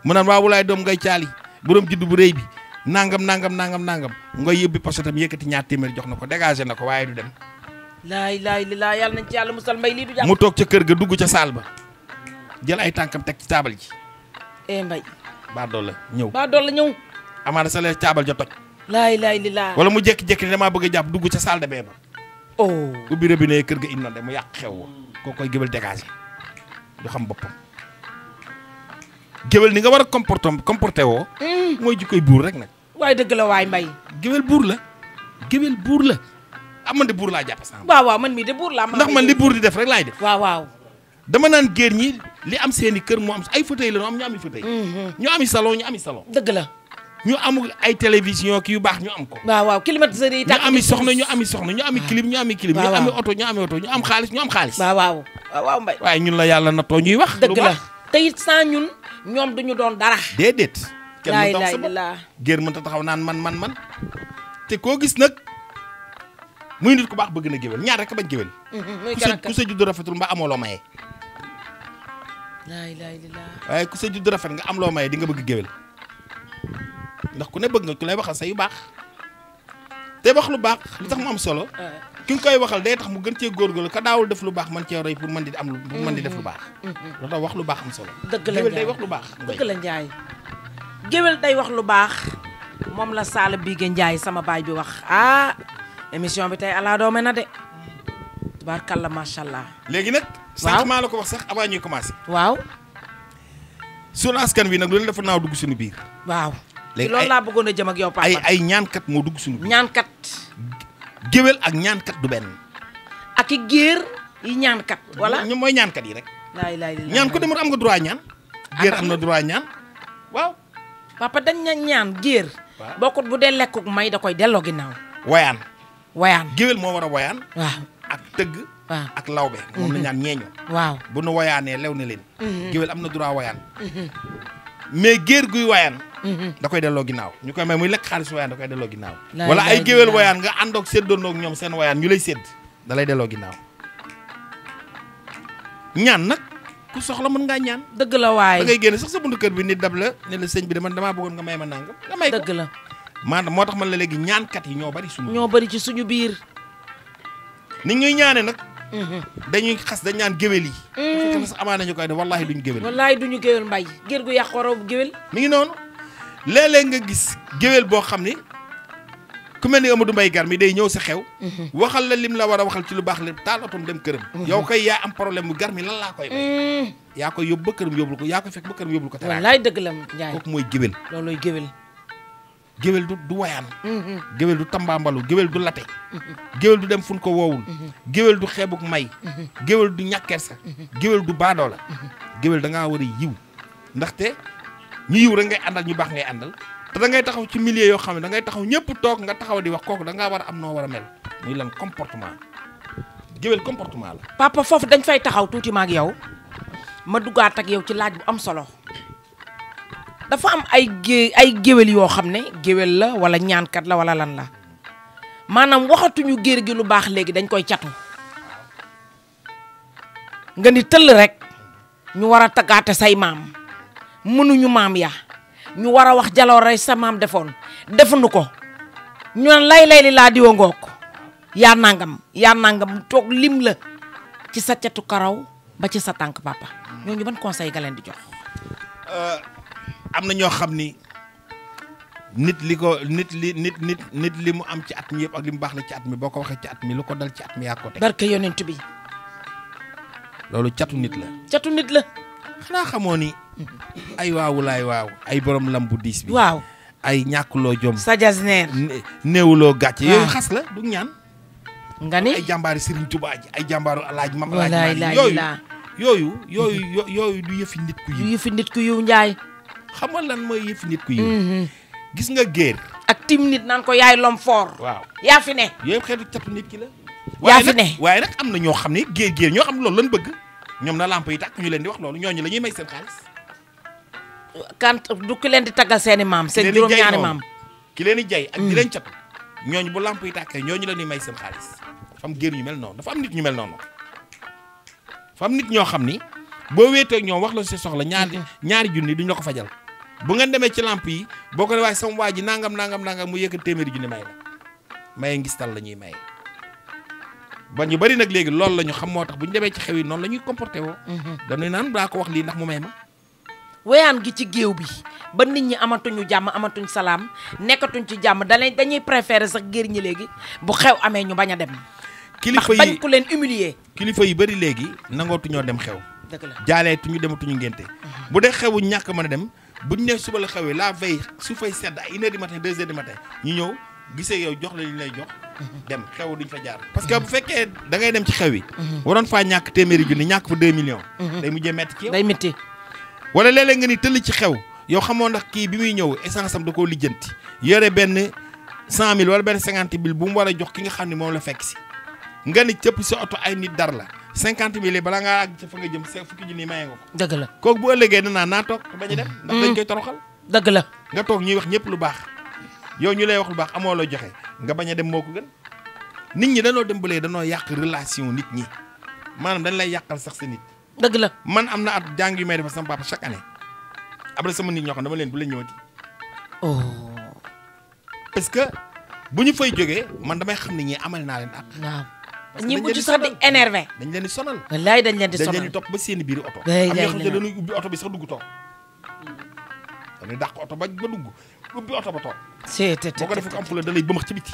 mu naan doom ngoy caali borom juddu bu rëy bi nangam nangam nangam nangam ngoy yëbbi posetam yëkkati ñaar téeméer jox na ko dégagé na ko waaye du dem. laay laay lila yàlla nañ ci yàlla musal mbay lii mu toog ca kër ga dugg ca saal ba. jël ay tànkam teg ci taabal ji. eh mbay. baa doole ñëw baa doole ñëw. amaana sa lee taabal ja toj. laay laay li laa. wala mu jékki-jékki ne damaa bëgg a jàpp dugg ca salle de bain ba. Oh. ubbi robinet kër ga inondé mu yàq xew wa koo koy géwél dégagé du xam boppam. géwél ni nga war a comporté comporté woo. Hmm. mooy jikkoy buur rek nag. waaye dëgg la waay mbay. géwél buur la. géwél buur la. ah man de buur laa jàpp sax. waaw waaw man mii de buur laa. ndax man li buur di def rek laay def. dama naan géer ñi li am seen kër moo am ay fauteuil la ñu am ñu am i mhm. ñu am i salon ñu am salon dëgg la ñu amul ay télévision yu baax ñu am ko waaw yi ñu am soxna ñu ami soxna ñu am i clim ñu am i am oto ñu am oto ñu am xaalis ñu am xaalis waaw waaw mbay waaye ñun la yàlla nattoo ñuy wax dëgg la te it ñun ñoom duñu doon dara déedéet kenn tax sama géer mën ta taxaw naan man man man te koo gis nag muy nit ku baax bëgg na géwél ñaar rek bañ géwél mhm, ku sa juddu rafetul mbaa amooloo maye waaye ku sa judd rafet nga am loo maye di nga bëgg géwél ndax ku ne bëgg nga ku lay waxal sa yu baax te wax lu baax lu tax mu am solo (laughs) ah. ki nga koy waxal day tax mu gën cee góorgóorlu ka daawul def lu baax man cee roy pour man di am lu mën di def lu baax loolu mm, mm, mm, tax wax lu baax am solo dëgg la géwél day lu baax dëgg la njaay géwél day wax lu baax moom la saala bi ge njaay sama baay bi wax ah émission bi tey alaa na de la macha allah. léegi nag. waaw maa la ko wax sax avant ñuy commencé. waaw. suñu askan wi nag loolu dafa naaw dugg suñu biir. waaw. léegi loolu laa bëggoon a jëm ak yow. papa ay ay ñaankat moo dugg suñu biir. ñaankat. géwél ak ñaankat du benn. ak i géer ñaankat. voilà ñoom mooy ñaankat yi rek. laay laay ñaan am nga droit ñaan. géer am na droit ñaan waaw. dañ na ñaan géer. waaw bokkut bu dee lekkuk may da koy delloo ginnaaw. wayaan. wayaan géwél moo war a wayaan. waaw ak tëgg ak lawbe moom la ñaan mhm. ñeeño waaw bu nu woyaanee lew na leen mhm. géwél am na droit woyaan mhm. mais géer guy woyaan da koy delloo ginnaaw ñu koy may muy lekk xaalis woyaan da koy delloo ginnaaw wala ay géwél woyaan nga àndoog séddoondoog ñoom seen woyaan ñu lay sédd da delloo ginnaaw ñaan nag ku soxla mën ngaa ñaan. dëgg la waaye da ngay génne sax sa buntu kër bi nit dab la ne la sëñ bi de man damaa bëggoon nga may ma nangam. nga may dëgg la. maanaam moo tax man la léegi ñaankat yi ñoo bari suñu. bari ci suñu biir. ni ñuy ñaane nag. Mhm. dañuy xas dañ naan géwél yi. fekk na sax amaana ñu koy ne wallaahi duñu géwél. wallaahi duñu géwél mbay gér gu yàqooroo bu géwél. mi ngi noonu léeg nga gis géwél boo xam ni ku mel ni Amadou Mbaye gar mi day ñëw sa xew. Mhm. waxal la lim la war a waxal ci lu baax la taal otom dem këram. Mhm. yow koy yaa am problème mu gar mi lan laa koy may. yaa koy yóbbu ba këram yóbbul ko yaa koy fekk ba këram yóbbul ko. te wallaay dëgg la Ndiaye kooku mooy géwél. loolooy géwél. géwél du du wayaan mm-hmm. géwél du tambaambalu géwél du late géwél du dem fun ko woowul mm-hmm. géwél du xeebuk may mm-hmm. géwél du ñàkkersa géwél du baadoo la géwél dangaa war a yiw ndaxte ñu yiw rek ngay àndal ñu baax ngay àndal te da ngay taxaw ci millier yoo xam ne da ngay taxaw ñëpp toog nga taxaw di wax kooku da ngaa war a am noo war a mel muy lan comportement géwél comportement la papa foofu dañ fay taxaw tuuti ma ak yow ma duggaat ak yow ci laaj bu am solo dafa am ay gé ay géwél yoo xam ne géwél la wala ñaankat la wala lan la maanaam waxatuñu géer gi lu baax léegi dañ koy catu nga ni tëll rek ñu war a taggaate say maam mënuñu maam ya ñu war a wax jaloore sa maam defoon defuñu ko ñoo ne lay lay li laa diwa ngoog yaa nangam yaa nangam toog lim la ci sa catu karaw ba ci sa tànk papa ñooñu ban conseil nga leen di jox. Euh, am na ñoo xam ni nit li ko nit li nit nit nit li mu am ci at mi yëpp ak li mu baax la ci at mi boo ko waxee ci at mi lu ko dal ci at mi yaa ko teg. barke yonent bi. loolu catu nit la. catu nit la. xanaa xamoo ni. ay waawu laay waaw ay borom lam bu diis bi. waaw ay ñàkkuloo jom. sajasneer néewuloo gàcce. yooyu ah. xas la du ñaan. nga ni ay jàmbaari Serigne Touba ay jàmbaaru alaaj mam alaaj yooyu yooyu yooyu yooyu du yëfi nit ku yiw Njaay. xam nga lan mooy yëf nit ku yiw mhm. gis nga géer ak tim nit naan ko yaay lom fort waaw yaa fi ne yooyu xeetu catu nit ki la yaa fi ne waaye nag am na ñoo xam ne géer géer ñoo xam ne loolu lan bëgg ñoom na lamp yi tàkk ñu leen di wax loolu ñooñu la ñuy may seen xaalis kant du ki leen di taggal seeni maam seen juróom ki leen di jay ak di mm. leen catu bu lamp yi tàkkee ñooñu la ñuy may seen xaalis dafa am géer ñu mel noonu dafa am nit ñu mel noonu dafa am nit ñoo xam ni boo wéeteeg ñoom wax la si soxla ñaari mhm. ñaari junni duñ la ko fajal bu ngeen demee ci làmp yi boo ko dee waaye sama waa ji nangam nangam nangam mu yëkkat téeméeri junni may la maye ngistal la ñuy maye ñu bari nag léegi loolu la ñu xam moo tax bu ñu demee ci xew yi noonu la ñuy comporté woo mhm. dañuy naan daa ko wax lii ndax mu may ma wéyaan gi ci géew bi ba nit ñi amatuñu jàmm amatuñ salaam nekkatuñ ci jàmm dañuy dañuy préféré sax géer ñi léegi bu xew amee ñu bañ a dem kilifa yi bañ ku leen humilier kilifa yi bari léegi nangootuñoo dem xew jaaleetuñu dematuñu ngénte mm-hmm. bu dee xewu ñàkk mën a dem buñ ne suba la xewee la veille su fay sedd ay une heure du matin deux heures ñu ñëw gisee yow jox la li lay jox mm-hmm. dem xew duñ fa jaar mm-hmm. parce que bu fekkee da ngay dem ci xew yi waroon faa ñàkk téeméeri junni ñàkk fa deux millions day mujjee métti ci yow day métti wala léeg-léeg nga ni tëll ci xew yow xamoo ndax kii bi muy ñëw essence am da koo lijjanti yore benn cent mille wala benn cinquante mille bu mu war a jox ki nga xam ne moom la fekk si nga ni cëpp sa oto ay nit dar la cinquante mille yi balaa ngaa àgg ci fa nga jëm see fukki junni maye nga ko. dëgg la kooku bu ëllëgee danaa naa toog bañ a dem. Mm. ndax dañ koy toroxal. Mm. dëgg la nga toog ñuy wax ñëpp lu baax yow ñu lay wax lu baax amoo la joxe nga bañ a dem moo ko gën nit ñi danoo dem bële danoo yàq relation nit ñi maanaam dañ lay yàqal sax sa nit. dëgg la man am na at jàng yu may defal sama papa chaque année après sama nit ñoo xam dama leen bu la ñëwati. oh. parce que bu ñu fay jógee man damay xam ne ñii amal naa leen at. ñi mujj sax di énervé dañ leen di sonal wallaay dañ leen di sonal dañ leen di topp ba seeni biir oto am ñoo xam ne dañuy ubbi oto bi sax dugg toog dañuy dàq ba ba dugg ubbi oto ba toog boo ko defee ko am fu la dalay bëmax ci biti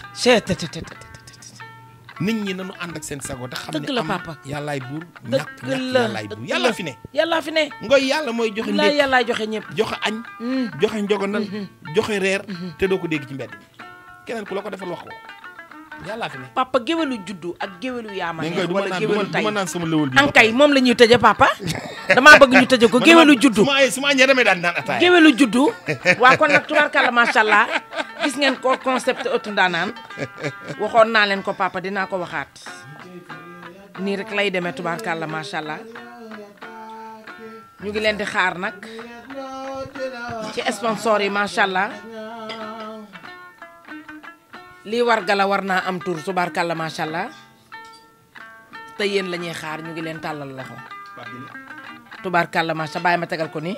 nit ñi nañu ànd ak seen sago te xam ne dëgg la papa yàllaay buur ñàkk ñàkk yàllaay buur yàlla fi ne yàlla fi ne ngoy yàlla mooy joxe ndékki yàllaay joxe ñëpp joxe añ mm. joxe njogonal mm-hmm. joxe reer mm-hmm. te doo ko dégg ci mbedd keneen ku la ko defal wax ko yàllaa fi ne papa géwélu juddu ak géwélu yaama neex wala géwélu tay naan sama lëwal bi ankay moom la ñuy tëje papa (laughs) damaa bëgg ñu tëje ko géwélu juddu su ma ñee damay daan naan ataaya géwélu juddu waa kon nag tubaarkàlla macha allah gis ngeen ko concept ëttu ndaanaan waxoon naa leen ko papa dinaa ko waxaat nii rek lay demee tubaarkàlla macha allah ñu ngi leen di xaar nag ci sponsor yi macha allah lii war gala war naa am tur subaarkàlla macha allah te yéen lañuy xaar ñu ngi leen tàllal loxo tubaarkàlla macha bàyyi ma tegal ko nii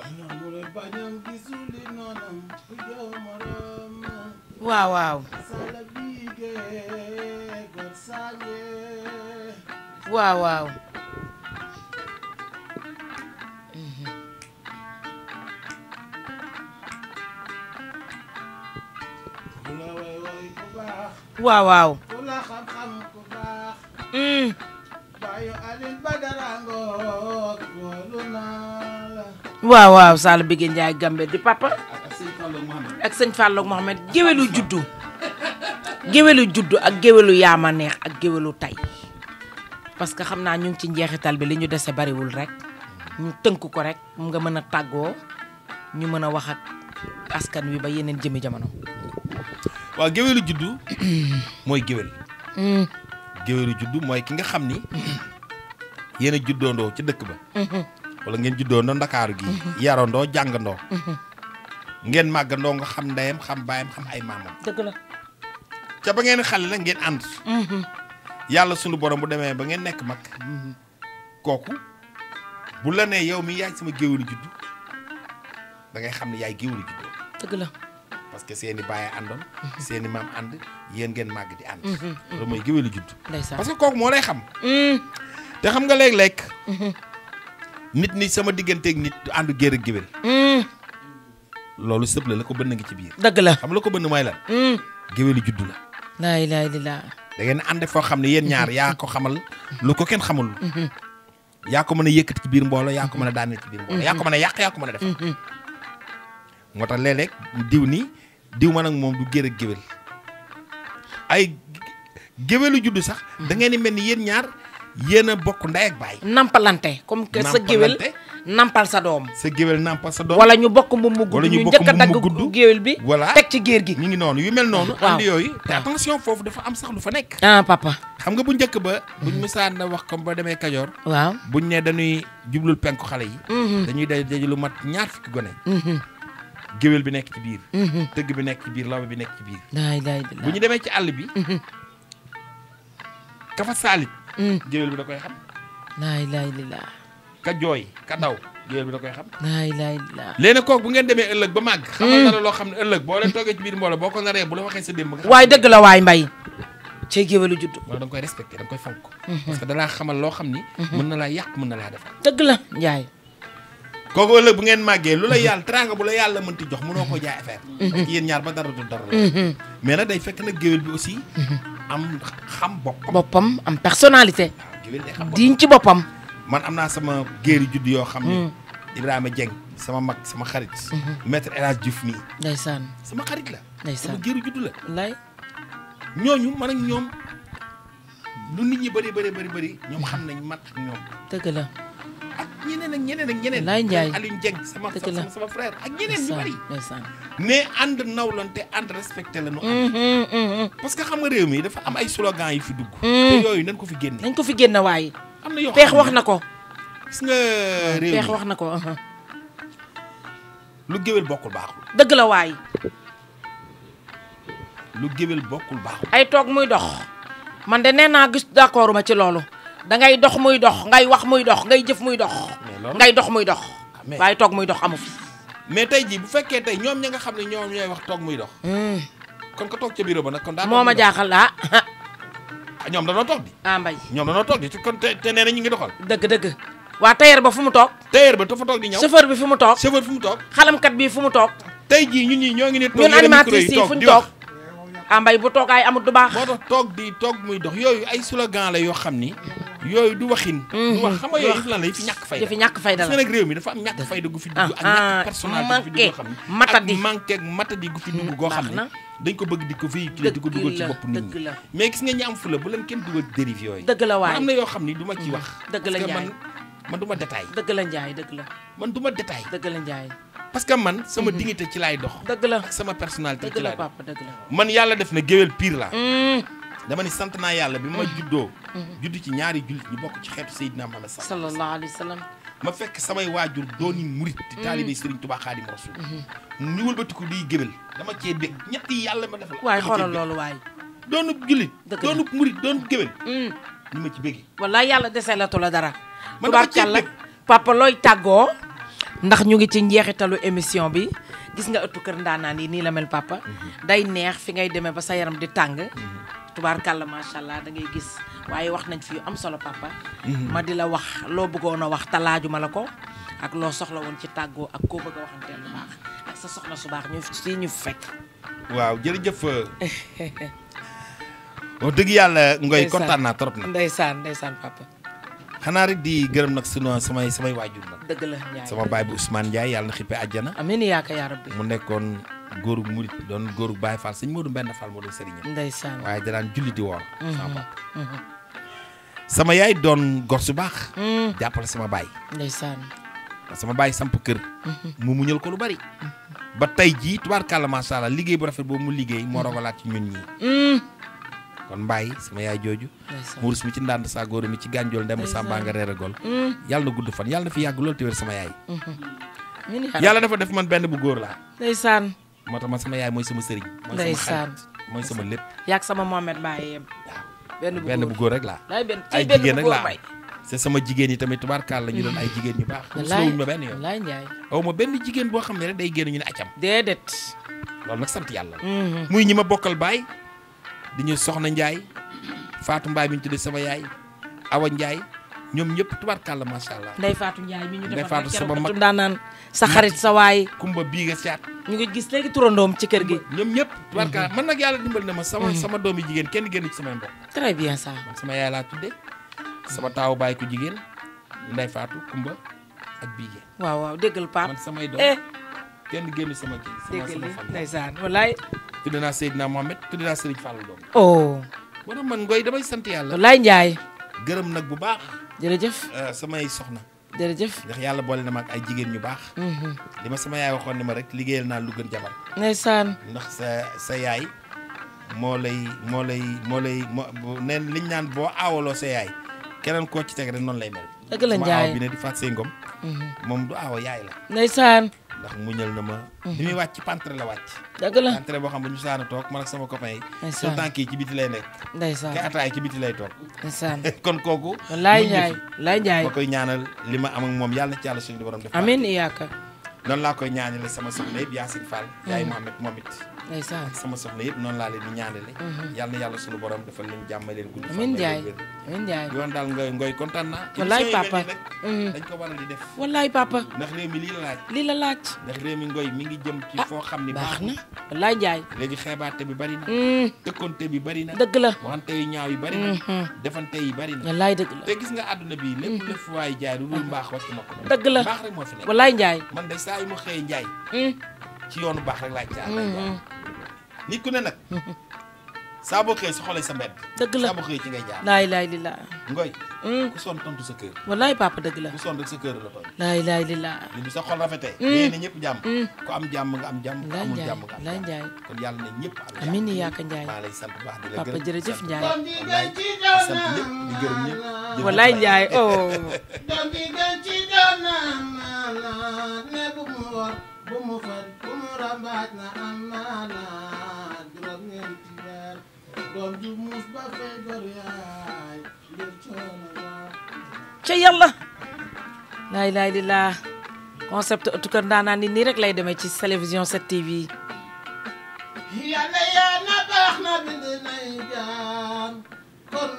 waaw waaw waaw waaw ku mm. la xam waaw waaw Sall Bigué Ndiaye Gambe di papa ak sëñ Fallou Mohamed géwélu juddu géwélu juddu ak géwélu yaama neex ak géwélu tey parce que xam naa ñu ngi ci njeexital bi li ñu dese bariwul rek ñu tënk ko rek nga mën a tàggoo ñu mën a wax ak askan wi ba yeneen jëmi jamono waaw géwélu juddu (clears throat) mooy géwél mm. géwélu juddu mooy ki nga xam ni yéen a juddoondoo ci dëkk ba mm-hmm. wala ngeen juddoondoo ndakaaru gi mm-hmm. yarandoo jàngandoo mm-hmm. ngeen màggandoo nga xam ndeyam xam baayam xam ay maamam dëgg la ca ba ngeen xale la ngeen ànd yàlla sunu borom bu demee ba ngeen nekk mag kooku bu la nee yow mi yaay sama géwélu juddu da xam ne yaay géwélu juddoo parce que seen i bàyyi àndoon mhm. seen i maam ànd yéen ngeen màgg di ànd mhm. Mhm. loolu mooy géwélu judd parce que kooku moo lay xam te xam nga léeg-léeg nit ni sama digganteeg nit du àndu géer géwél loolu sëb la la ko bënn ngi ci biir dëgg la xam la ko bënn mooy lan géwélu judd la laa ilaaha da ngeen ànd foo xam ne yéen ñaar yaa ko xamal lu ko kenn xamul yaa ko mën a yëkkati ci biir mbooloo yaa ko mën a daaneel ci biir mbooloo yaa ko mën a yàq yaa ko mën a def moo tax léeg diw nii diw ma nag moom du gér ak géwél ay géwélu juddu sax. da ngeen di mel ni yéen ñaar yéen a bokk ndey ak baay. nampalante comme que sa géwél nampal sa doom. sa géwél nampal sa doom. wala ñu bokk mu mu gudd ñu njëkk a dagg géwél bi. voilà teg ci géer gi. ñu ngi noonu yu mel noonu. waaw ànd yooyu te attention foofu dafa am sax lu fa nekk. ah papa. xam nga bu njëkk ba. buñ musaan mhm. na wax comme ba demee Kajoor. waaw buñ ne dañuy jublul penku xale yi. Mhm. dañuy daj daj lu mat ñaar fukki gone. Mhm. géwél bi nekk ci biir. Mhm. tëgg bi nekk ci biir lawbe bi nekk ci biir. daay bu ñu demee ci àll bi. Mhm. ka fa saalit. Mm. géwél bi da koy xam. daay daay ka jooy ka daw. géwél bi da koy xam. daay daay léegi kooku bu ngeen demee ëllëg ba màgg. xamal mm. na la loo xam ne ëllëg boo leen toogee ci biir mbooloo boo ko naree bu la waxee sa démb. la waay mbay. cey géwélu judd. wala da koy respecté da nga koy fonk. Mhm. dalaa xamal loo xam ni. mun na laa yàq mun na laa defar. dëgg la Njaay kooku ëllëg bu ngeen màggee lu la yàlla teraanga bu la yàlla mënti jox mënoo ko jaay affaire mm-hmm. yéen ñaar ba dara dul dara la mm-hmm. mais nag day fekk nag géwél bi aussi mm-hmm. am xam boppam boppam am personnalité diñ ci boppam man am naa sama géeri judd yoo xam ne mm. Ibrahima Dieng sama mag sama xarit maître El Hadj Diouf nii ndeysaan sama xarit la ndeysaan sama géeri judd la lay ñooñu man ak ñoom lu nit ñi bëri bëri bëri ñoom xam nañ mat ñoom ak ñeneen ñeneen ak ñeneen. laay njaay Alioune Dieng sama sama sama frère ak ñeneen ñu bari. mais ànd nawlante ànd respecté la ñu ànd. Mm-hmm, mm-hmm. parce que xam nga réew mi dafa am ay slogan yi fi dugg. Mm. te yooyu nañ ko fi génne. nañ ko fi génne waaye. am na yoo xam peex wax na ko. gis nga peex wax na ko. Uh-huh. lu géwél bokkul baaxul. dëgg la waay. lu géwél bokkul baaxul. ay toog muy dox. man de nee naa gis d'accord ma ci loolu. da ngay dox muy dox ngay wax muy dox ngay jëf muy dox. ngay dox muy dox. Ah, waaye toog muy dox amu mais tey jii bu fekkee tey ñoom ñi nga xam ne ñoom ñooy wax toog muy dox. Hmm. kon ko toog ca bureau ba nag kon. daa moo ma jaaxal ah. ah ñoom danoo toog di. ah mbay ñoom danoo toog di te nee ñu ngi doxal. dëgg waa tailleur fu mu toog. tailleur ba dafa toog di ñëw. chauffeur bi fu mu toog. chauffeur fu toog. xalamkat bi fu mu toog. tey jii ñun ñii ñoo ngi ne. toog ñun animatrices ah, mbay bu toog ay amut du baax. moo tax toog di toog muy dox yooyu ay slogan la yoo xam ni yooyu du waxin. Mm-hmm. du wax xam nga yooyu lan lay fi ñàkk fayda. fi ñàkk fayda la réew mi dafa am ñàkk fayda gu fi ñàkk ah, ah, personnalité gu fi fi dugg goo xam ne. dañ ko bëgg di ko ko dugal ci mais gis nga ñi am fula bu leen kenn dugal dérive yooyu. dëgg la waay am yoo xam ni du ma mm-hmm. wax. dëgg la Ndiaye man ma détail. dëgg la la. man du ma détail. dëgg la Ndiaye. parce que man sama mm-hmm. dignité ci laay dox. dëgg la sama personnalité ci laay dox. man yàlla def na géwél pire la mm. dama ne sant naa yàlla bi ma mm-hmm. juddoo. Mm-hmm. judd ci ñaari jullit ñu bokk ci xeetu Seydina na sallallahu alayhi wa sallam. ma fekk samay waajur dooni murit di mm-hmm. taalibe Serigne Touba Xaadim Rasul. ñu wëlbatiku di gëbal dama cee bég ñetti yàlla ma def waaye xoolal loolu waaye. doonu jullit. dëgg doonu murit mm. ma ci bégee. wallaay yàlla deselatu la dara. man dama cee bég looy tàggoo. ndax ñu ngi ci njeexitalu émission bi gis nga ëttu kër ndaanaan yi nii la mel papa. day neex fi ngay demee ba sa yaram di tàng. tubaarkàlla macha allah da ngay gis waaye wax nañ fi am solo papa. Mhm. ma di la wax loo bëggoon a wax talaaju ma la ko. ak loo soxla woon ci tàggoo ak koo bëgg a waxanteel lu baax ak sa soxna su baax ñu si ñu fekk. waaw jërëjëf. wax dëgg yàlla ngoy kontaan naa trop na. ndeysaan ndeysaan papa. xanaa rek di gërëm nag sunu samay samay waajur nag. dëgg la sama baay bu Ousmane Ndiaye yàlla na xippe àjjana. amiin yaa ka yaa rabbi mu góorug murit doon góorug Baay Faal sëñ Modou Mbenda Fall moo doon sëriñam waaye danaan julli di woor mhm, mhm. sama yaay doon gor su baax mhm. jàppale sama baay ndeysaan sama baay samp kër mu muñal ko lu bari ba tey jii tubaarkàlla macha liggéey bu rafet boobu mu liggéey moo rogalaat ci ñun ñii kon mbaay sama yaay jooju muurus mi ci ndànd saa góor mi ci gànjool ndem sàmbaa nga reer agol yàlla na gudd fan yàlla na fi yàgg lool te wér sama yaay yàlla dafa def man benn bu góor laa moo tax man sama yaay mooy sama sëriñ. mooy sama xarit mooy sama lépp. yaag sama Mohamed Mbaye benn bu góor benn bu góor rek laa. ay jigéen rek laa te sama jigéen yi tamit tubaarkaal la ñu doon ay jigéen ñu baax. walaay walaay Ndiaye aw ma benn jigéen boo xam ne rek day génn ñu ne acam. déedéet. loolu nag sant yàlla la. Mhm. muy ñi ma bokkal baay di Soxna Ndiaye faatu Mbaye mi ñu tuddee sama yaay Awa njaay ñoom ñëpp tubaarkàlla macha allah. Ndeye Fatou Ndiaye mi ñu defar ak keroog ëttum daan sa xarit sa waay. Kumba bii nga seet. ñu ngi gis léegi turandoom ci kër gi. ñoom ñëpp. tubaarkàlla mhm. man nag yàlla dimbali na ma. sama mhm. sama doomi jigéen kenn génn ci samay mbokk. très bien ça. sama yaay laa tuddee sama taawu baay ku jigéen Ndeye Fatou Kumba ak bii jee. waaw waaw déggal Pape man samay doom eh. kenn génn sama kii. sama sama fan. ndeysaan wallaay. tudd naa Seydina Mohamed tudd naa Serigne Fallou doom. oh. wala man ngoy damay sant yàlla. wallaay Ndiaye. bu baax jërëjëf. Euh, samay soxna. jërëjëf ndax yàlla boole na ma ak ay jigéen ñu baax. Mhm. li ma sama yaay waxoon ne ma rek liggéeyal naa lu gën jabar. ndeysaan. ndax sa sa yaay moo lay moo lay moo lay moo nee liñ naan boo aawaloo sa yaay keneen koo ci teg rek noonu lay mel. dëgg la Ndiaye sama aaw bi ne di fàtt say ngom. Mhm. moom du aawa yaay la. ndeysaan. ndax mu muñal na ma li mhm. muy wàcc pantre la wàcc dëgg boo xam ne ñu saana toog man ak sama copain yi so tànk yi ci biti lay nekk ndeysaan ataay ci biti lay toog (laughs) kon kooku laay njaay laay jaay ma koy ñaanal li ma am ak moom yàlla ci yàlla suñu borom def amiin yaakaar noonu laa koy ñaanale sama soxna yëpp Yacine Fall yaay mhm. Mohamed moom it ak sama soxla yëpp noonu laa leen di ñaanale mhm. yal yàlla suñu borom defal leen jàmm leen gudd amiin Njaay amiin Njaay yoon daal ngoy ngoy kontaan naa wallaay papa mhm. ko war a di def wallaay papa ndax lii la laaj lii mi ngi jëm ah, foo xam ni baax na wallaay Njaay léegi bi bari na mhm. dëkkonte bi bari na dëgg la wante yu ñaaw yi bari bari na wallaay gis nga àdduna bi lépp waay jaay lu dul mbaax ma dëgg la baax rek moo fi nekk wallaay man de saa yu ma xëyee Njaay ci yoonu baax rek laay jaar mm-hmm. nit ku ne nag (laughs) saa boo xëyee su xoolee sa mbedd dëgg la saa boo xëyee ci ngay jaar laay laay li laa ngoy mm. ku son tontu sa kër wallaay papa dëgg la ku son rek sa kër la tontu laay laay li laa li bu sa xol rafetee mm. nee na ñëpp jàmm mm. ku am jàmm nga am jàmm ku amul jàmm nga am laay njaay kon yàlla na ñëpp am amiin ni yaaka njaay maa lay sant baax di la gërëm papa jërëjëf njaay wallaay sant ñëpp di gërëm ñëpp wallaay njaay oh doom bi gën ci doon naan la ne bu mu war bu mu fat làmbaat na amaana juróom-ñeenti weer doom ju muus ba fay gor yaay ngir coono ca yàlla laay laay li laa concept ëttu kër ndaanaan nit nii rek lay demee ci télévision 7TV yàlla yaa na baax na bind nay jaan kon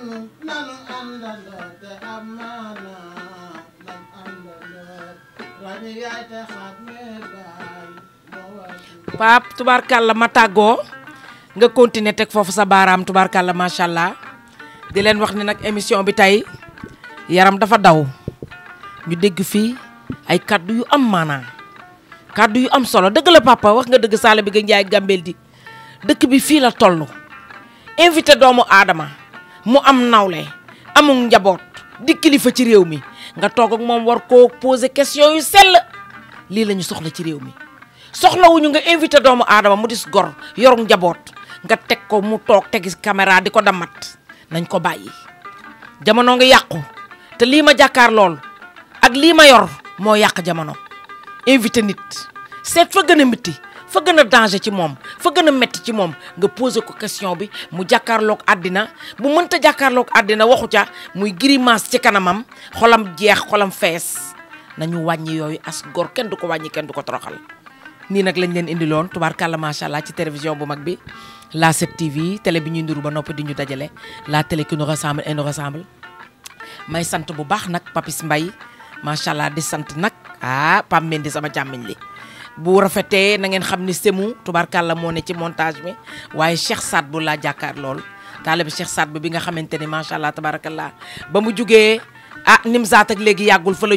nanu àndandoo te amaana nan àndandoo rañu yaay te xaat Pape tubaarkàlla ma tàggoo nga continuer teg foofu sa baaraam tubaarkàlla macha allah di leen wax ni nag émission bi tey yaram dafa daw ñu dégg fii ay kàddu yu am maanaa kàddu yu am solo dëgg la papa wax nga dëgg saala bi nga njaay gàmbel di dëkk bi fii la tollu invité doomu aadama mu am nawle amul njaboot di kilifa ci réew mi nga toog moom war koo posé question yu sell lii la ñu soxla ci réew mi soxlawuñu nga invité doomu aadama mu dis gor yoru njaboot nga teg ko mu toog tegi caméra di ko damat nañ ko bàyyi jamono nga yàqu te lii ma jàkkaar lool ak lii ma yor moo yàq jamono invité nit seet fa gën a mitti fa gën a danger ci moom fa gën a metti ci moom nga posé ko question bi mu jàkkaarloog àddina bu mënta jàkkaarloog àddina waxu ca muy grimace ci kanamam xolam jeex xolam fees nañu wàññi yooyu as gor kenn du ko wàññi kenn du ko toroxal nii nag lañ leen indiloon tubaarkàlla macha allah ci télévision bu mag bi la 7TV télé bi ñuy nduru ba noppi di ñu dajale la télé qui nous rassemble et nous rassemble may sant bu baax nag Papis mbay macha allah di sant nag ah Pam di sama càmmiñ li bu rafetee na ngeen xam ni semu tubaarkàlla moo ne ci montage bi waaye Cheikh Saad bu laa jàkkaar lool taalibe Cheikh Saad bi bi nga xamante ni macha allah tabaarakallah ba mu jugee ah Nimzaat ak léegi yàggul fa la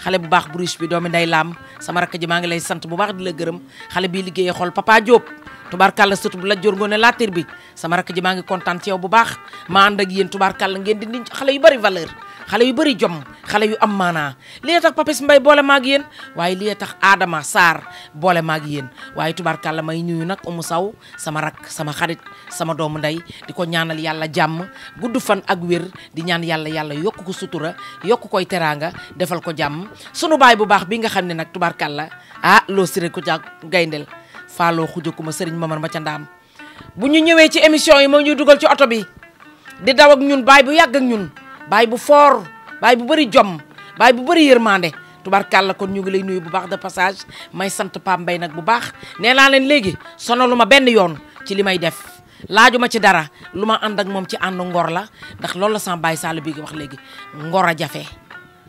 xale bu baax bruche bi doomi day laam sama rakk ji maa ngi lay sant bu baax di la gërëm xale bi liggéey xool papa Diop tubaarkàlla sët bu la jor ngoone laatir bi sama rakk ji maa ngi kontaan ci yow bu baax maa ànd ak yéen tubaarkàlla ngeen di xale yu bari valeur xale yu bari jom xale yu am maanaa li tax Papis mbay boole maag yéen waaye li tax aadama saar boole maag yéen waaye tubaarkàlla may ñuyu nag umu saw sama rak sama xarit sama doomu ndey di ko ñaanal yàlla jàmm gudd fan ak wér di ñaan yàlla yàlla yokk ko sutura yokk koy teraanga defal ko jàmm sunu baay bu baax bii nga xam ne nag tubaarkàlla ah loo siré ko ca gayndel faaloo xujakuma sëriñ mamar ma ca ndaam bu ñu ñëwee ci émission yi moo ci oto bi di daw bu yàgg ak ñun baay bu foor baay bu bëri jom baay bu bëri yërmande tubarkàlla kon ñu ngi lay nuyu bu baax de passage may sant Pape Mbaye nag bu baax nee naa leen léegi sonalu ma benn yoon ci li may def. laajuma ci dara lu ma ànd ak moom ci ànd ngor la ndax loolu la sama baay Sall bi wax léegi ngor a jafe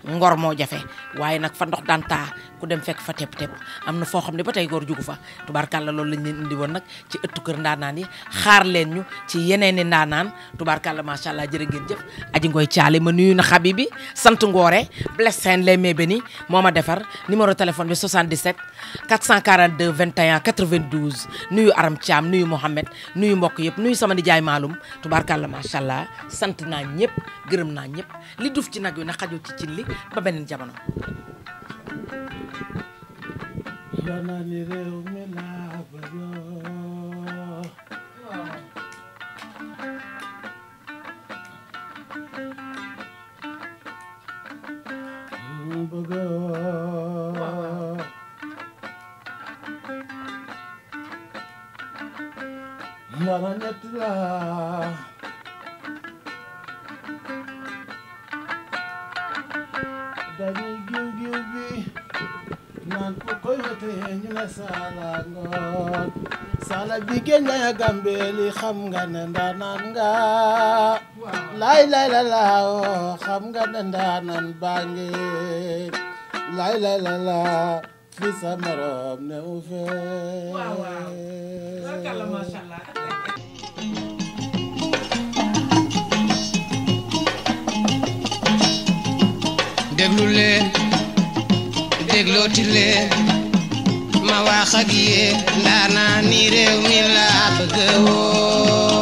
ngor moo jafe waaye nag fa ndox daan taa ku dem fekk fa tepp-tepp am na foo xam ne ba tey góor jugu fa tubaarkàlla lool lañ leen indi woon nag ci ëttu kër ndaanaan yi xaar leen ñu ci yeneeni ndaanaan tubaarkàlla macha allah jërë ngeen jëf aji ngoy caale ma nuyu na xabi bi sant ngoore blesseen les mai béni moo ma defar numéro téléphone bi 77 442 21 92 nuyu aram thiam nuyu mohammed nuyu mbokk yëpp nuyu sama nijaay maalum tubaarkàlla macha allah sant naa ñëpp gërëm naa ñëpp li duf ci nag wi na xajul ci cin li ba beneen jamono banani réew mi laa bëgg bëgg dañuy giw giw bi naan ku koy xam nga ne ndaanaan nga lay lay laaw xam nga ne laaw déglu leen déglooti leen ma wax ak yéen ndaanaan ni réew mi laa bëgg woo